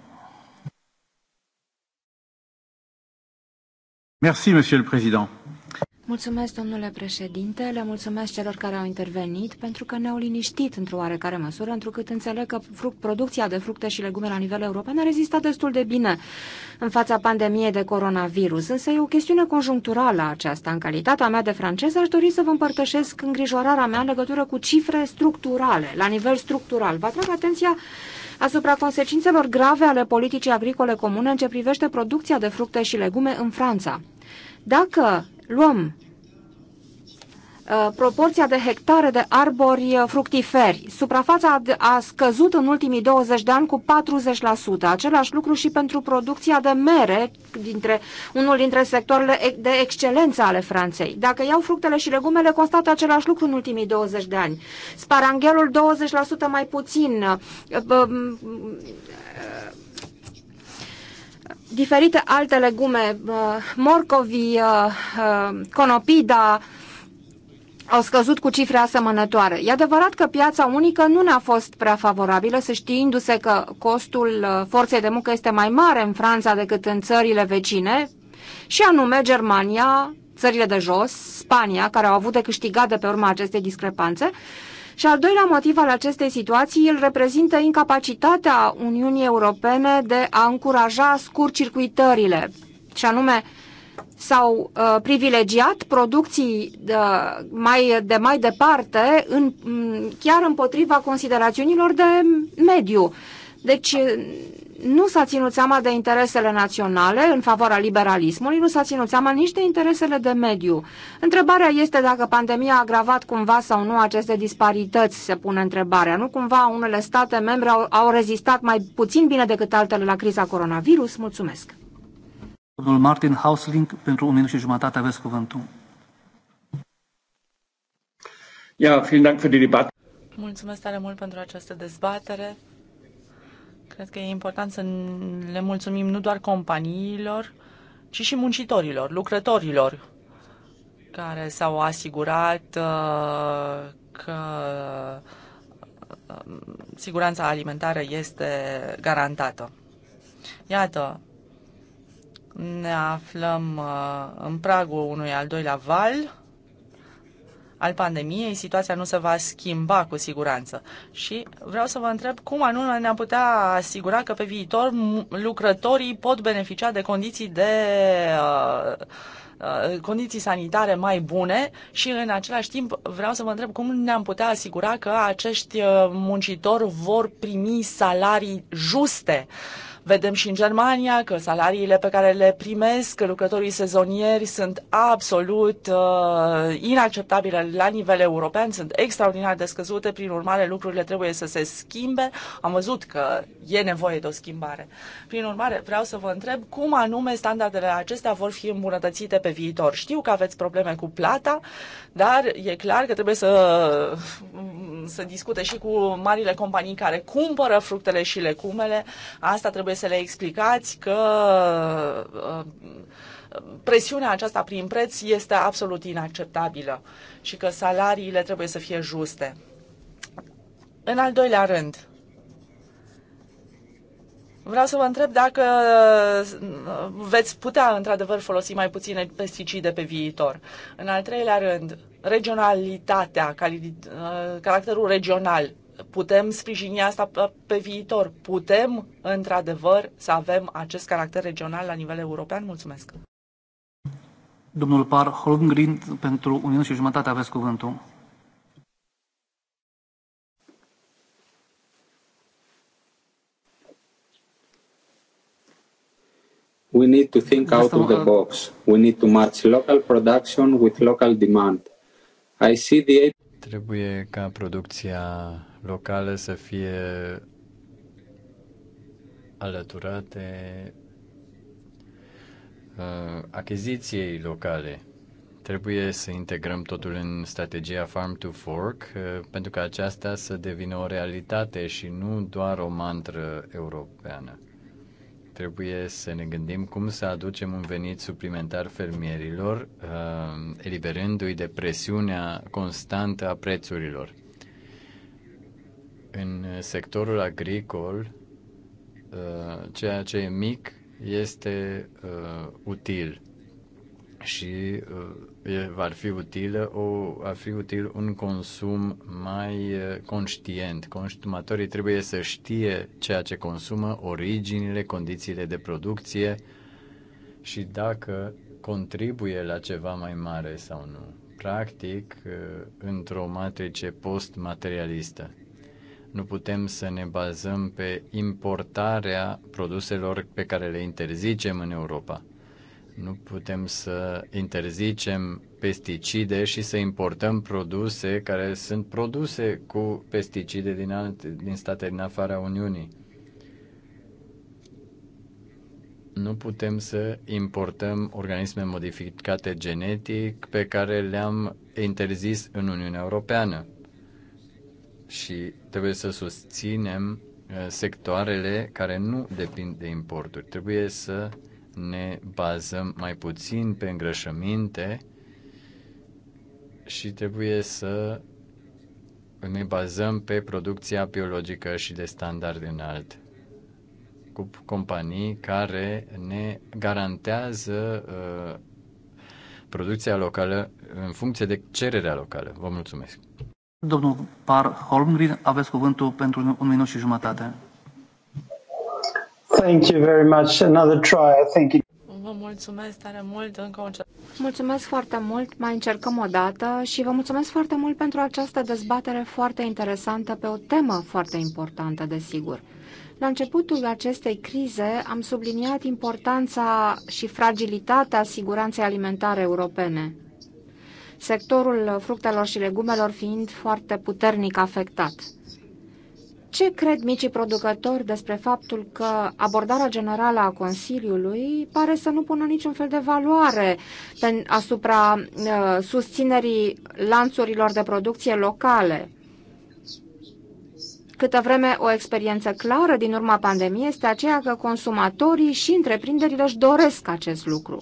Mulțumesc, domnule președinte, le mulțumesc celor care au intervenit pentru că ne-au liniștit într-o oarecare măsură, întrucât înțeleg că fruct, producția de fructe și legume la nivel european a rezistat destul de bine în fața pandemiei de coronavirus. Însă e o chestiune conjuncturală aceasta. În calitatea mea de franceză aș dori să vă împărtășesc îngrijorarea mea în legătură cu cifre structurale, la nivel structural. Vă atrag atenția asupra consecințelor grave ale politicii agricole comune în ce privește producția de fructe și legume în Franța. Dacă luăm Uh, proporția de hectare de arbori uh, fructiferi. Suprafața a scăzut în ultimii 20 de ani cu 40%. Același lucru și pentru producția de mere, dintre, unul dintre sectoarele de excelență ale Franței. Dacă iau fructele și legumele, constată același lucru în ultimii 20 de ani. Sparanghelul 20% mai puțin. Uh, um, diferite alte legume, morcovii, conopida, au scăzut cu cifre asemănătoare. E adevărat că piața unică nu ne-a fost prea favorabilă, să știindu-se că costul uh, forței de muncă este mai mare în Franța decât în țările vecine, și anume Germania, țările de jos, Spania, care au avut de câștigat de pe urma acestei discrepanțe. Și al doilea motiv al acestei situații îl reprezintă incapacitatea Uniunii Europene de a încuraja scurcircuitările, și anume s-au uh, privilegiat producții uh, mai de mai departe, în, mm, chiar împotriva considerațiunilor de mediu. Deci uh, nu s-a ținut seama de interesele naționale în favoarea liberalismului, nu s-a ținut seama nici de interesele de mediu. Întrebarea este dacă pandemia a agravat cumva sau nu aceste disparități, se pune întrebarea. Nu cumva unele state membre au, au rezistat mai puțin bine decât altele la criza coronavirus? Mulțumesc! Domnul Martin Hausling, pentru un minut și jumătate aveți cuvântul. Ja, vielen Dank für die Debatte. Mulțumesc tare mult pentru această dezbatere. Cred că e important să le mulțumim nu doar companiilor, ci și muncitorilor, lucrătorilor, care s-au asigurat uh, că uh, siguranța alimentară este garantată. Iată, ne aflăm uh, în pragul unui al doilea val al pandemiei, situația nu se va schimba cu siguranță. Și vreau să vă întreb cum anume ne-am putea asigura că pe viitor lucrătorii pot beneficia de condiții de uh, uh, condiții sanitare mai bune și în același timp vreau să vă întreb cum ne-am putea asigura că acești uh, muncitori vor primi salarii juste. Uh, Vedem și în Germania că salariile pe care le primesc lucrătorii sezonieri sunt absolut uh, inacceptabile la nivel european, sunt extraordinar de scăzute, prin urmare lucrurile trebuie să se schimbe. Am văzut că e nevoie de o schimbare. Prin urmare, vreau să vă întreb cum anume standardele acestea vor fi îmbunătățite pe viitor. Știu că aveți probleme cu plata, dar e clar că trebuie să, să discute și cu marile companii care cumpără fructele și legumele. Asta trebuie trebuie să le explicați că uh, presiunea aceasta prin preț este absolut inacceptabilă și că salariile trebuie să fie juste. În al doilea rând, vreau să vă întreb dacă uh, veți putea într-adevăr folosi mai puține pesticide pe viitor. În al treilea rând, regionalitatea, uh, caracterul regional putem sprijini asta pe viitor. Putem, într-adevăr, să avem acest caracter regional la nivel european? Mulțumesc! Domnul Par Holmgren, pentru un minut și jumătate aveți cuvântul. We need to think out of the box. We need to match local production with local demand. I see the Trebuie ca producția locală să fie alăturate uh, achiziției locale trebuie să integrăm totul în strategia Farm to Fork uh, pentru ca aceasta să devină o realitate și nu doar o mantră europeană. Trebuie să ne gândim cum să aducem un venit suplimentar fermierilor, uh, eliberându-i de presiunea constantă a prețurilor. În sectorul agricol, uh, ceea ce e mic este uh, util și uh, ar fi utilă o, ar fi util un consum mai uh, conștient. Consumatorii trebuie să știe ceea ce consumă, originile, condițiile de producție și dacă contribuie la ceva mai mare sau nu. Practic, uh, într-o matrice post-materialistă. Nu putem să ne bazăm pe importarea produselor pe care le interzicem în Europa nu putem să interzicem pesticide și să importăm produse care sunt produse cu pesticide din, alte, din state din afara Uniunii. Nu putem să importăm organisme modificate genetic pe care le-am interzis în Uniunea Europeană. Și trebuie să susținem uh, sectoarele care nu depind de importuri. Trebuie să uh, ne bazăm mai puțin pe îngrășăminte și trebuie să ne bazăm pe producția biologică și de standard înalt cu companii care ne garantează uh, producția locală în funcție de cererea locală. Vă mulțumesc. Domnul Par Holmgren, aveți cuvântul pentru un minut și jumătate. Thank you very much. Another try, I think. Vă mulțumesc tare mult încă o Mulțumesc foarte mult, mai încercăm o dată și vă mulțumesc foarte mult pentru această dezbatere foarte interesantă pe o temă foarte importantă, desigur. La începutul acestei crize am subliniat importanța și fragilitatea siguranței alimentare europene, sectorul fructelor și legumelor fiind foarte puternic afectat. Ce cred micii producători despre faptul că abordarea generală a Consiliului pare să nu pună niciun fel de valoare asupra uh, susținerii lanțurilor de producție locale? Câtă vreme o experiență clară din urma pandemiei este aceea că consumatorii și întreprinderile își doresc acest lucru.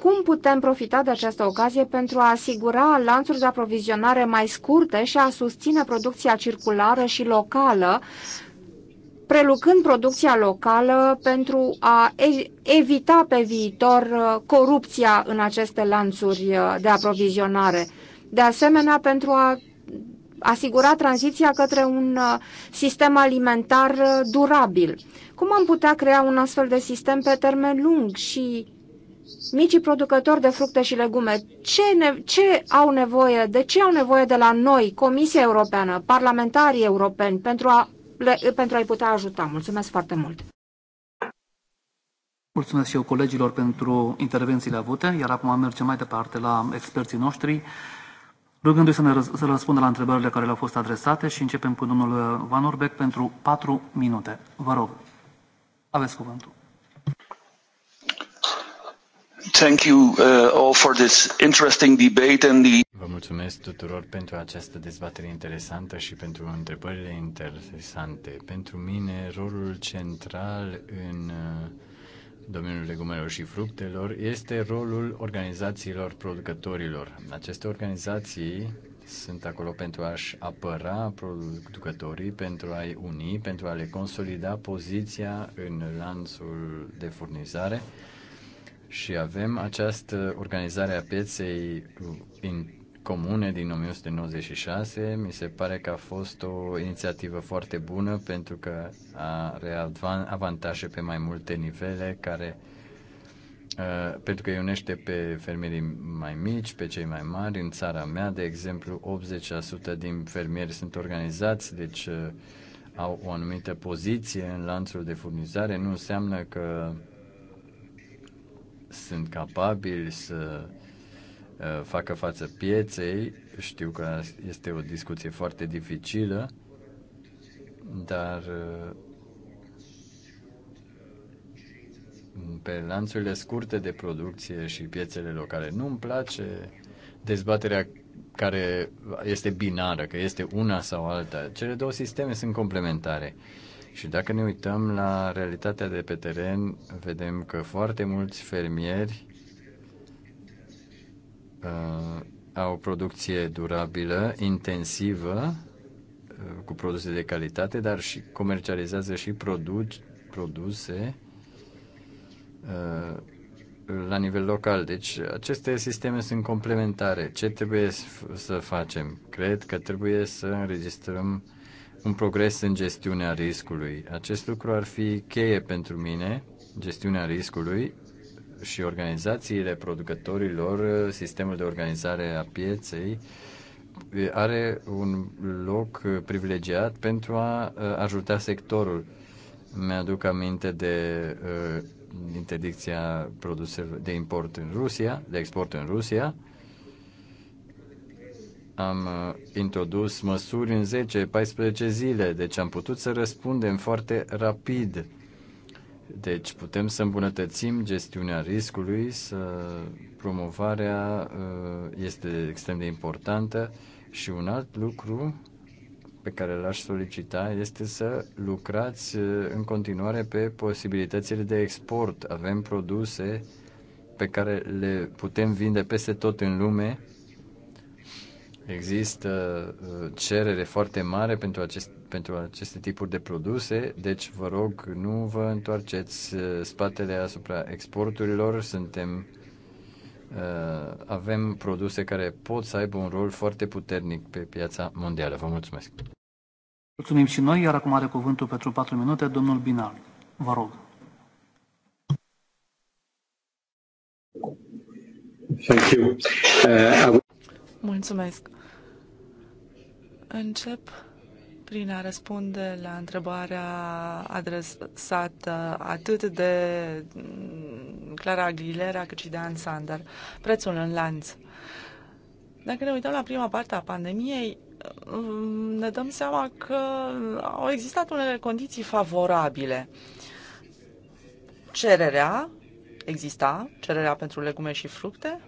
Cum putem profita de această ocazie pentru a asigura lanțuri de aprovizionare mai scurte și a susține producția circulară și locală, prelucând producția locală pentru a evita pe viitor uh, corupția în aceste lanțuri uh, de aprovizionare? De asemenea, pentru a asigura tranziția către un uh, sistem alimentar durabil. Cum am putea crea un astfel de sistem pe termen lung și micii producători de fructe și legume, ce, ne, ce au nevoie, de ce au nevoie de la noi, Comisia Europeană, parlamentarii europeni, pentru, a, le, pentru a-i putea ajuta? Mulțumesc foarte mult! Mulțumesc și eu colegilor pentru intervențiile avute, iar acum mergem mai departe la experții noștri, rugându-i să, ne răz- să răspundă la întrebările care le-au fost adresate și începem cu domnul Van Orbeck pentru patru minute. Vă rog, aveți cuvântul. Thank you uh, all for this interesting debate and the Vă mulțumesc tuturor pentru această dezbatere interesantă și pentru întrebările interesante. Pentru mine, rolul central în uh, domeniul legumelor și fructelor este rolul organizațiilor producătorilor. Aceste organizații sunt acolo pentru a-și apăra producătorii, pentru a-i uni, pentru a le consolida poziția în lanțul de furnizare și avem această organizare a pieței în comune din 1996. Mi se pare că a fost o inițiativă foarte bună pentru că are avantaje pe mai multe nivele care uh, pentru că îi unește pe fermierii mai mici, pe cei mai mari. În țara mea, de exemplu, 80% din fermieri sunt organizați, deci uh, au o anumită poziție în lanțul de furnizare. Nu înseamnă că sunt capabili să uh, facă față pieței. Știu că este o discuție foarte dificilă, dar uh, pe lanțurile scurte de producție și piețele locale. Nu îmi place dezbaterea care este binară, că este una sau alta. Cele două sisteme sunt complementare. Uh, și dacă ne uităm la realitatea de pe teren, vedem că foarte mulți fermieri uh, au producție durabilă, intensivă, uh, cu produse de calitate, dar și comercializează și produc, produse uh, la nivel local. Deci aceste sisteme sunt complementare. Ce trebuie să facem? Cred că trebuie să înregistrăm uh, un progres în gestiunea riscului. Acest lucru ar fi cheie pentru mine, gestiunea riscului și organizațiile producătorilor, sistemul de organizare a pieței are un loc privilegiat pentru a ajuta sectorul. Mi-aduc aminte de interdicția produselor de import în Rusia, de export în Rusia, am uh, introdus măsuri în 10-14 zile, deci am putut să răspundem foarte rapid. Deci putem să îmbunătățim gestiunea riscului, să promovarea uh, este extrem de importantă și un alt lucru pe care l-aș solicita este să lucrați uh, în continuare pe posibilitățile de export. Avem produse pe care le putem vinde peste tot în lume Există uh, cerere foarte mare pentru, acest, pentru aceste tipuri de produse, deci vă rog nu vă întoarceți uh, spatele asupra exporturilor. Suntem, uh, avem produse care pot să aibă un rol foarte puternic pe piața mondială. Vă mulțumesc! Mulțumim și noi, iar acum are cuvântul pentru 4 minute domnul Binal. Vă rog. Thank you. Uh, Mulțumesc. Încep prin a răspunde la întrebarea adresată atât de mm, Clara Aguilera cât și de Ann Sander, prețul în lanț. Dacă ne uităm la prima parte a pandemiei, mm, ne dăm seama că au existat unele condiții favorabile. Cererea exista, cererea pentru legume și fructe,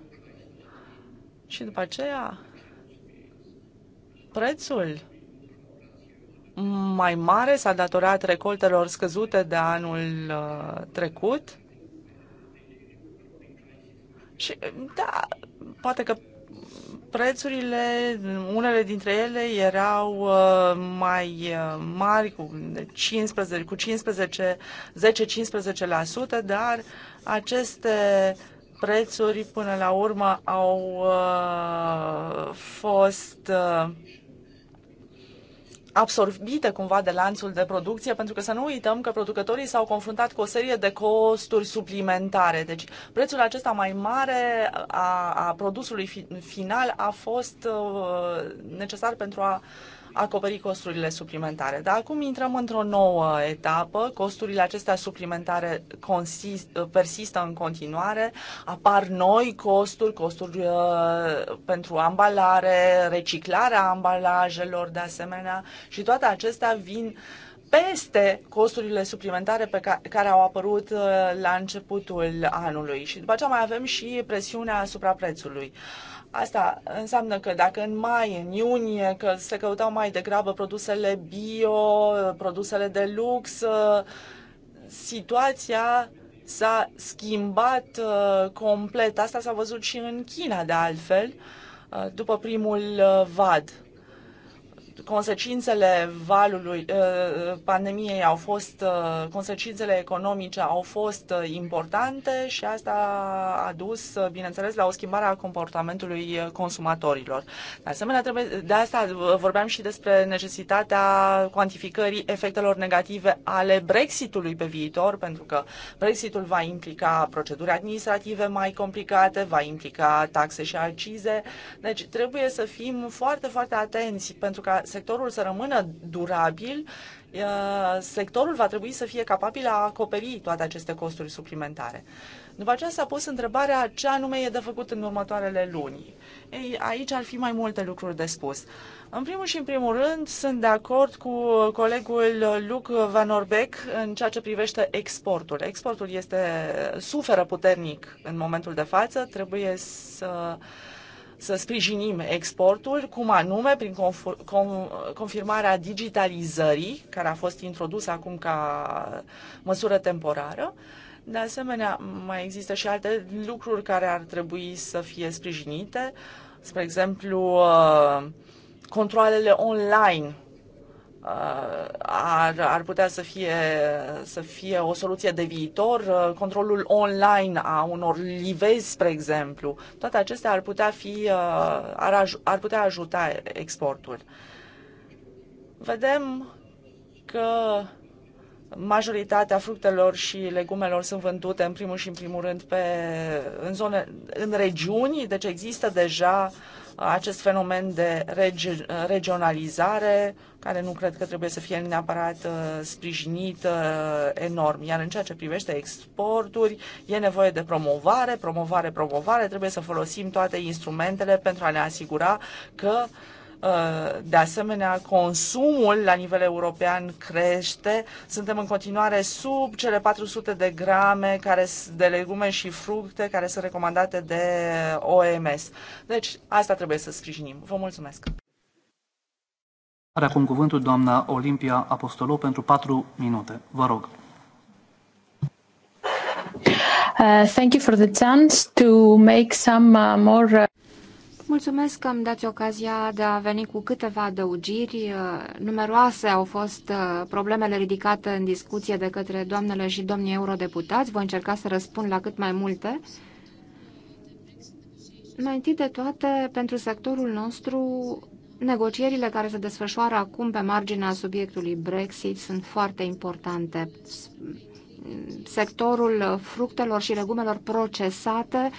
și după aceea Prețul mai mare s-a datorat recoltelor scăzute de anul uh, trecut. Și, da, poate că prețurile, unele dintre ele erau uh, mai uh, mari, cu 15, cu 15 10-15%, dar aceste prețuri până la urmă au uh, fost uh, absorbite cumva de lanțul de producție, pentru că să nu uităm că producătorii s-au confruntat cu o serie de costuri suplimentare. Deci prețul acesta mai mare a, a produsului fi, final a fost uh, necesar pentru a uh, acoperi costurile suplimentare. Dar acum intrăm într-o nouă etapă, costurile acestea suplimentare consist, persistă în continuare, apar noi costuri, costuri uh, pentru ambalare, reciclarea ambalajelor de asemenea și toate acestea vin peste costurile suplimentare pe care, care au apărut uh, la începutul anului. Și după aceea mai avem și presiunea asupra prețului. Uh, Asta înseamnă că dacă în mai, în iunie, că se căutau mai degrabă produsele bio, produsele de lux, situația s-a schimbat uh, complet. Asta s-a văzut și în China, de altfel, uh, după primul uh, vad consecințele valului uh, pandemiei au fost, uh, consecințele economice au fost uh, importante și asta a dus, bineînțeles, la o schimbare a comportamentului consumatorilor. De asemenea, trebuie, de asta vorbeam și despre necesitatea cuantificării efectelor negative ale Brexitului pe viitor, pentru că Brexitul va implica proceduri administrative mai complicate, va implica taxe și accize. Deci trebuie să fim foarte, foarte atenți pentru ca să sectorul să rămână durabil, uh, sectorul va trebui să fie capabil a acoperi toate aceste costuri suplimentare. După aceea s-a pus întrebarea ce anume e de făcut în următoarele luni. Ei, aici ar fi mai multe lucruri de spus. În primul și în primul rând, sunt de acord cu colegul Luc Van Orbeck în ceea ce privește exportul. Exportul este suferă puternic în momentul de față, trebuie să uh, să sprijinim exportul, cum anume prin confirmarea digitalizării, care a fost introdusă acum ca măsură temporară. De asemenea, mai există și alte lucruri care ar trebui să fie sprijinite, spre exemplu, uh, controlele online Uh, ar, ar putea să fie, să fie o soluție de viitor, uh, controlul online a unor livezi, spre exemplu, toate acestea ar putea, fi, uh, ar, ar putea ajuta exportul. Vedem că majoritatea fructelor și legumelor sunt vândute în primul și în primul rând pe, în, zone, în regiuni, deci există deja acest fenomen de regi, regionalizare, care nu cred că trebuie să fie neapărat uh, sprijinit uh, enorm. Iar în ceea ce privește exporturi, e nevoie de promovare, promovare, promovare. Trebuie să folosim toate instrumentele pentru a ne asigura că uh, Uh, de asemenea, consumul la nivel european crește. Suntem în continuare sub cele 400 de grame care, de legume și fructe care sunt recomandate de OMS. Deci, asta trebuie să sprijinim. Vă mulțumesc! Are acum cuvântul doamna Olimpia Apostolou pentru 4 minute. Vă rog. Uh, thank you for the chance to make some uh, more uh... Mulțumesc că îmi dați ocazia de a veni cu câteva adăugiri. Uh, numeroase au fost uh, problemele ridicate în discuție de către doamnele și domnii eurodeputați. Voi încerca să răspund la cât mai multe. Mai întâi de toate, pentru sectorul nostru, negocierile care se desfășoară acum pe marginea subiectului Brexit sunt foarte importante sectorul fructelor și legumelor procesate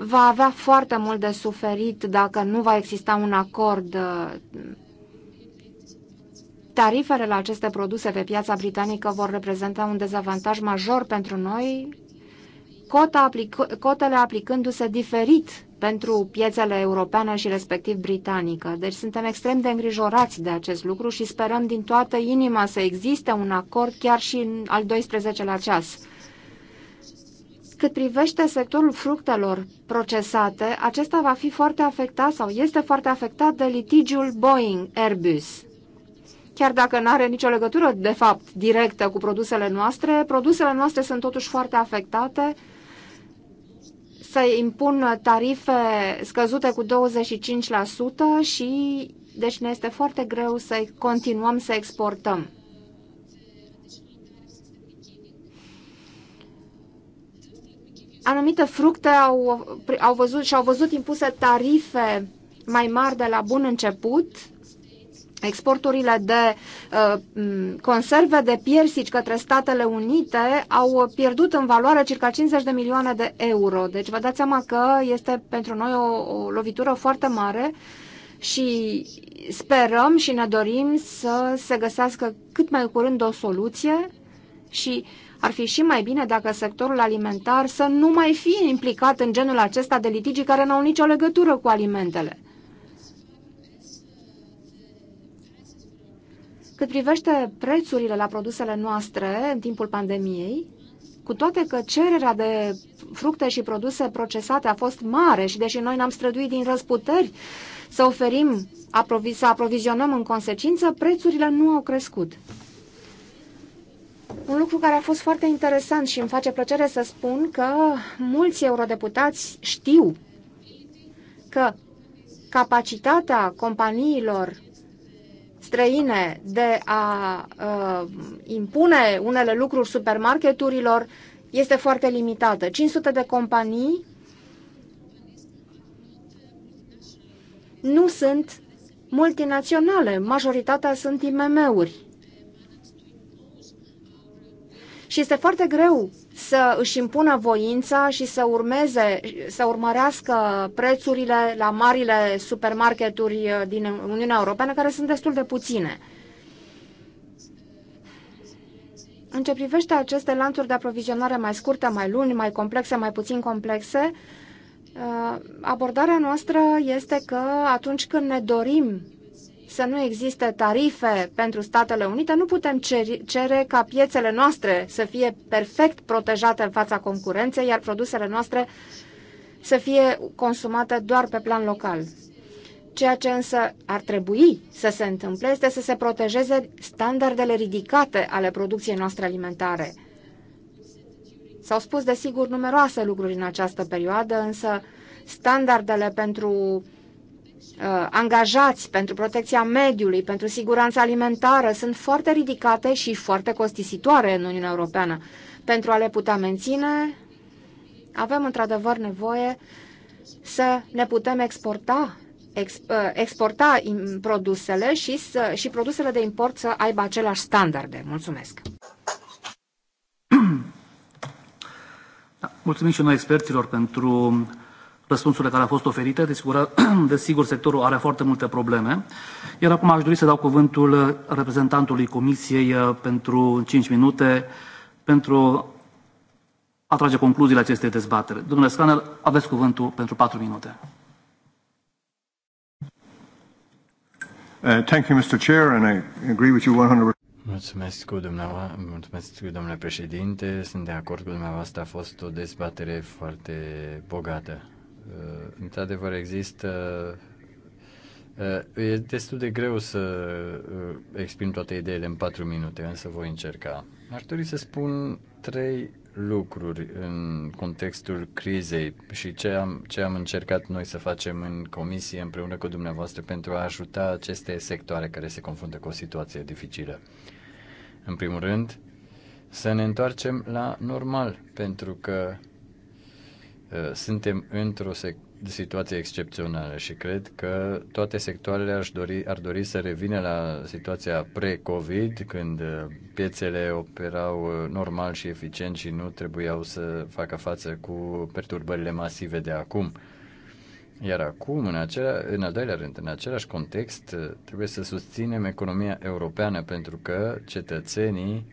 va avea foarte mult de suferit dacă nu va exista un acord. Uh, tarifele la aceste produse pe piața britanică vor reprezenta un dezavantaj major pentru noi, cota aplic cotele aplicându-se diferit pentru piețele europene și respectiv britanică. Deci suntem extrem de îngrijorați de acest lucru și sperăm din toată inima să existe un acord chiar și în al 12-lea ceas. Cât privește sectorul fructelor procesate, acesta va fi foarte afectat sau este foarte afectat de litigiul Boeing-Airbus. Chiar dacă nu are nicio legătură, de fapt, directă cu produsele noastre, produsele noastre sunt totuși foarte afectate. Să impun tarife scăzute cu 25% și deci ne este foarte greu să continuăm să exportăm. anumite fructe au, au văzut și au văzut impuse tarife mai mari de la bun început, Exporturile de uh, conserve de piersici către Statele Unite au pierdut în valoare circa 50 de milioane de euro. Deci vă dați seama că este pentru noi o, o lovitură foarte mare și sperăm și ne dorim să se găsească cât mai curând o soluție și uh, ar fi și mai bine dacă sectorul alimentar să nu mai fie implicat în genul acesta de litigii care nu au nicio legătură cu alimentele. Cât privește prețurile la produsele noastre în timpul pandemiei, cu toate că cererea de fructe și produse procesate a fost mare și deși noi ne-am străduit din răzputeri să oferim, să aprovizionăm în consecință, prețurile nu au crescut. Un lucru care a fost foarte interesant și îmi face plăcere să spun că mulți eurodeputați știu că capacitatea companiilor străine de a uh, impune unele lucruri supermarketurilor este foarte limitată. 500 de companii nu sunt multinaționale, majoritatea sunt IMM-uri și este foarte greu să își impună voința și să urmeze, să urmărească prețurile la marile supermarketuri uh, din Uniunea Europeană, care sunt destul de puține. În ce privește aceste lanțuri de aprovizionare mai scurte, mai lungi, mai complexe, mai puțin complexe, uh, abordarea noastră este că atunci când ne dorim să nu existe tarife pentru Statele Unite, nu putem cere ca piețele noastre să fie perfect protejate în fața concurenței, iar produsele noastre să fie consumate doar pe plan local. Ceea ce însă ar trebui să se întâmple este să se protejeze standardele ridicate ale producției noastre alimentare. S-au spus, desigur, numeroase lucruri în această perioadă, însă standardele pentru uh, Uh, angajați pentru protecția mediului, pentru siguranța alimentară, sunt foarte ridicate și foarte costisitoare în Uniunea Europeană. Pentru a le putea menține, avem într-adevăr nevoie să ne putem exporta uh, exporta produsele și, să, și produsele de import să aibă același standarde. Mulțumesc! Da, mulțumim și noi experților pentru răspunsurile care au fost oferite. Desigur, desigur, sectorul are foarte multe probleme. Iar acum aș dori să dau cuvântul reprezentantului Comisiei uh, pentru 5 minute pentru a trage concluziile acestei dezbatere. Domnule Scanner, aveți cuvântul pentru 4 minute. Uh, thank you, Mr. Chair, and I agree with you 100%. Mulțumesc, cu mulțumesc, domnule președinte. Sunt de acord cu dumneavoastră. A fost o dezbatere foarte bogată. Uh, într-adevăr există uh, E destul de greu să uh, exprim toate ideile în patru minute, însă voi încerca. Aș dori să spun trei lucruri în contextul crizei și ce am, ce am încercat noi să facem în comisie împreună cu dumneavoastră pentru a ajuta aceste sectoare care se confruntă cu o situație dificilă. În primul rând, să ne întoarcem la normal, pentru că Uh, suntem într-o situație excepțională și cred că toate sectoarele aș dori, ar dori să revină la situația pre-COVID, când uh, piețele operau uh, normal și eficient și nu trebuiau să facă față cu perturbările masive de acum. Iar acum, în, acelea, în al doilea rând, în același context, trebuie să susținem economia europeană pentru că cetățenii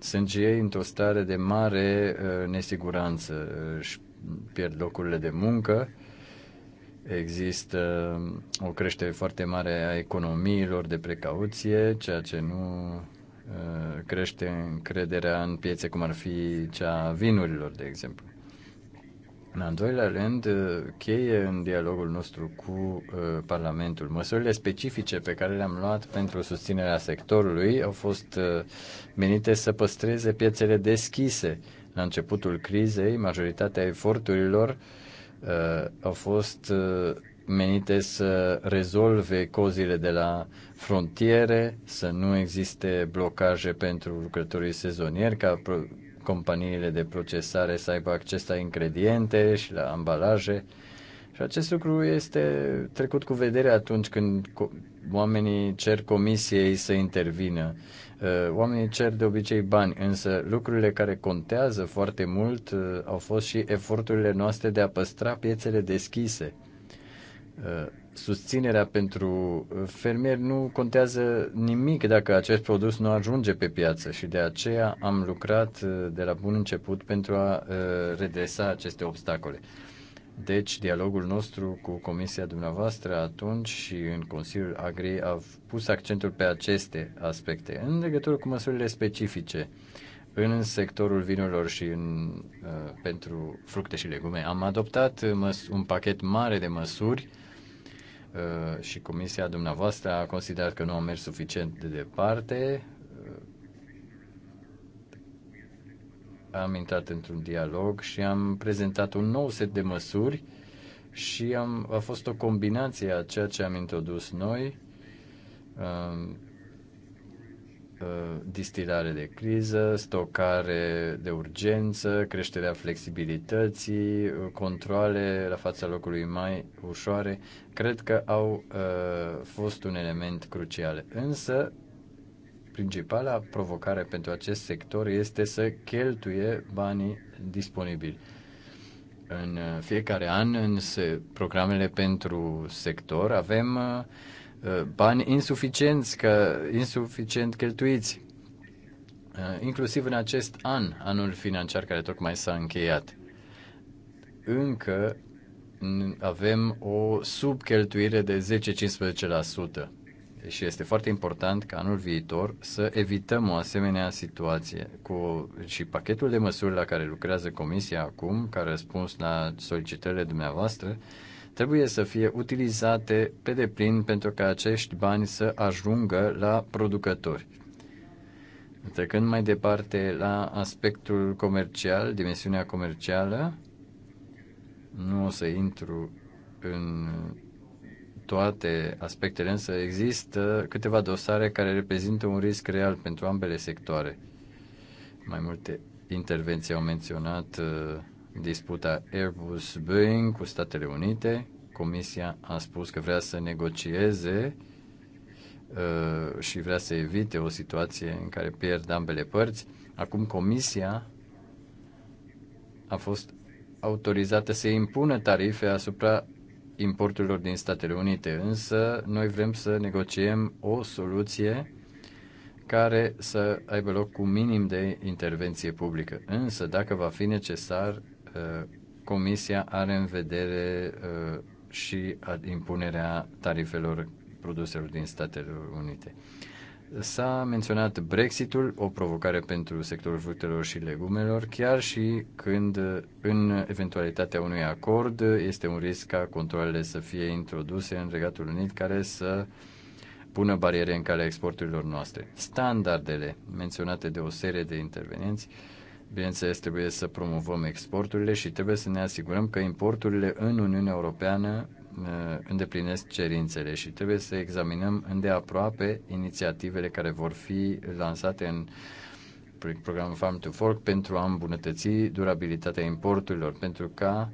sunt și ei într-o stare de mare uh, nesiguranță. Își pierd locurile de muncă. Există o creștere foarte mare a economiilor de precauție, ceea ce nu uh, crește încrederea în piețe cum ar fi cea a vinurilor, de exemplu. În al doilea rând, uh, cheie în dialogul nostru cu uh, Parlamentul. Măsurile specifice pe care le-am luat pentru susținerea sectorului au fost menite să păstreze piețele deschise, la începutul crizei, majoritatea eforturilor uh, au fost uh, menite să rezolve cozile de la frontiere, să nu existe blocaje pentru lucrătorii sezonieri, ca companiile de procesare să aibă acces la ingrediente și la ambalaje. Și acest lucru este trecut cu vedere atunci când oamenii cer comisiei să intervină. Uh, oamenii cer de obicei bani, însă lucrurile care contează foarte mult uh, au fost și eforturile noastre de a păstra piețele deschise. Uh, susținerea pentru fermieri nu contează nimic dacă acest produs nu ajunge pe piață și de aceea am lucrat de la bun început pentru a redresa aceste obstacole. Deci, dialogul nostru cu Comisia dumneavoastră atunci și în Consiliul Agri a pus accentul pe aceste aspecte în legătură cu măsurile specifice în sectorul vinurilor și în, uh, pentru fructe și legume. Am adoptat măs- un pachet mare de măsuri uh, și comisia dumneavoastră a considerat că nu am mers suficient de departe. am intrat într-un dialog și am prezentat un nou set de măsuri și am, a fost o combinație a ceea ce am introdus noi, um, uh, distilare de criză, stocare de urgență, creșterea flexibilității, uh, controle la fața locului mai ușoare, cred că au uh, fost un element crucial. Însă principala provocare pentru acest sector este să cheltuie banii disponibili. În uh, fiecare an, în programele pentru sector, avem uh, uh, bani insuficienți, că, insuficient cheltuiți. Inclusiv în acest an, anul financiar care tocmai s-a încheiat. Încă avem o subcheltuire de 10-15% și este foarte important ca anul viitor să evităm o asemenea situație. Cu, și pachetul de măsuri la care lucrează Comisia acum, ca răspuns la solicitările dumneavoastră, trebuie să fie utilizate pe deplin pentru ca acești bani să ajungă la producători. Trecând mai departe la aspectul comercial, dimensiunea comercială, nu o să intru în toate aspectele, însă există câteva dosare care reprezintă un risc real pentru ambele sectoare. Mai multe intervenții au menționat uh, disputa Airbus-Boeing cu Statele Unite. Comisia a spus că vrea să negocieze uh, și vrea să evite o situație în care pierd ambele părți. Acum Comisia a fost autorizată să impună tarife asupra importurilor din Statele Unite, însă noi vrem să negociem o soluție care să aibă loc cu minim de intervenție publică. Însă, dacă va fi necesar, uh, Comisia are în vedere uh, și impunerea tarifelor produselor din Statele Unite. S-a menționat Brexitul, o provocare pentru sectorul fructelor și legumelor, chiar și când, în eventualitatea unui acord, este un risc ca controlele să fie introduse în Regatul Unit, care să pună bariere în calea exporturilor noastre. Standardele menționate de o serie de intervenienți, bineînțeles, trebuie să promovăm exporturile și trebuie să ne asigurăm că importurile în Uniunea Europeană Uh, îndeplinesc cerințele și trebuie să examinăm îndeaproape inițiativele care vor fi lansate în programul Farm to Fork pentru a îmbunătăți durabilitatea importurilor, pentru ca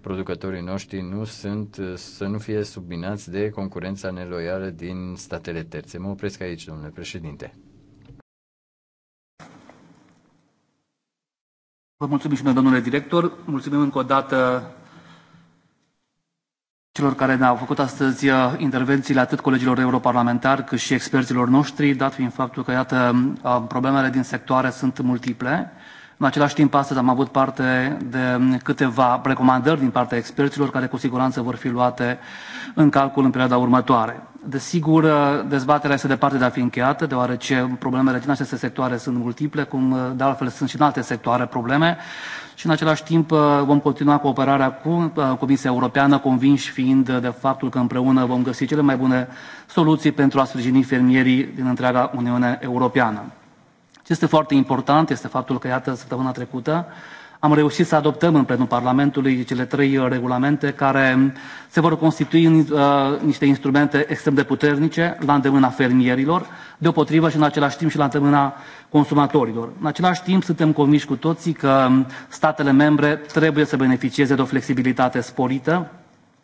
producătorii noștri nu sunt, uh, să nu fie subminați de concurența neloială din statele terțe. Mă opresc aici, domnule președinte. Vă mulțumim și noi, domnule director. Mulțumim încă o dată celor care ne-au făcut astăzi uh, intervențiile, atât colegilor europarlamentari cât și experților noștri, dat fiind faptul că, iată, uh, problemele din sectoare sunt multiple. În același timp, astăzi am avut parte de um, câteva recomandări din partea experților, care cu siguranță vor fi luate în calcul în perioada următoare. Desigur, uh, dezbaterea este departe de a fi încheiată, deoarece problemele din aceste sectoare sunt multiple, cum de altfel sunt și în alte sectoare probleme și în același timp uh, vom continua cooperarea cu uh, Comisia Europeană, convinși fiind de faptul că împreună vom găsi cele mai bune soluții pentru a sprijini fermierii din întreaga Uniune Europeană. Ce este foarte important este faptul că, iată, săptămâna trecută am reușit să adoptăm în plenul Parlamentului cele trei uh, regulamente care um, se vor constitui în uh, niște instrumente extrem de puternice la îndemâna fermierilor, deopotrivă și în același timp și la îndemâna consumatorilor. În același timp, suntem convinși cu toții că um, statele membre trebuie să beneficieze de o flexibilitate sporită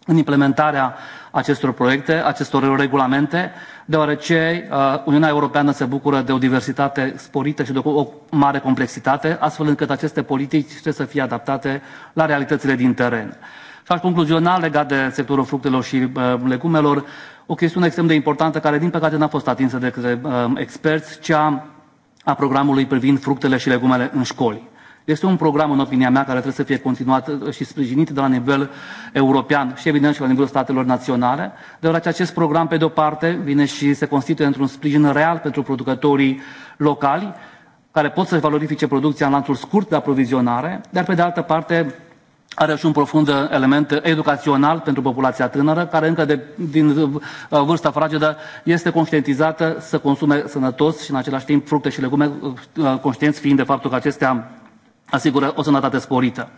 în implementarea acestor proiecte acestor regulamente deoarece uh, uniunea europeană se bucură de o diversitate sporită și de o mare complexitate astfel încât aceste politici trebuie să fie adaptate la realitățile din teren. și aș concluziona legat de sectorul fructelor și uh, legumelor o chestiune extrem de importantă care din păcate nu a fost atinsă de către uh, experți cea a programului privind fructele și legumele în școli. Este un program, în opinia mea, care trebuie să fie continuat uh, și sprijinit de la nivel european și, evident, și la nivelul statelor naționale, deoarece acest program, pe de-o parte, vine și se constituie într-un sprijin real pentru producătorii locali, care pot să-și valorifice producția în lanțul scurt de aprovizionare, dar, pe de altă parte, are și un profund element educațional pentru populația tânără, care încă de, din uh, vârsta fragedă este conștientizată să consume sănătos și în același timp fructe și legume, uh, conștienți fiind de faptul că acestea asigură o sănătate sporită.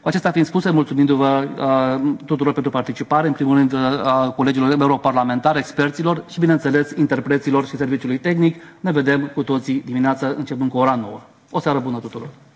Cu acestea fiind spuse, mulțumindu-vă uh, tuturor pentru participare, în primul rând uh, colegilor europarlamentari, experților și, bineînțeles, interpreților și serviciului tehnic, ne vedem cu toții dimineața începând cu ora 9. O seară bună tuturor!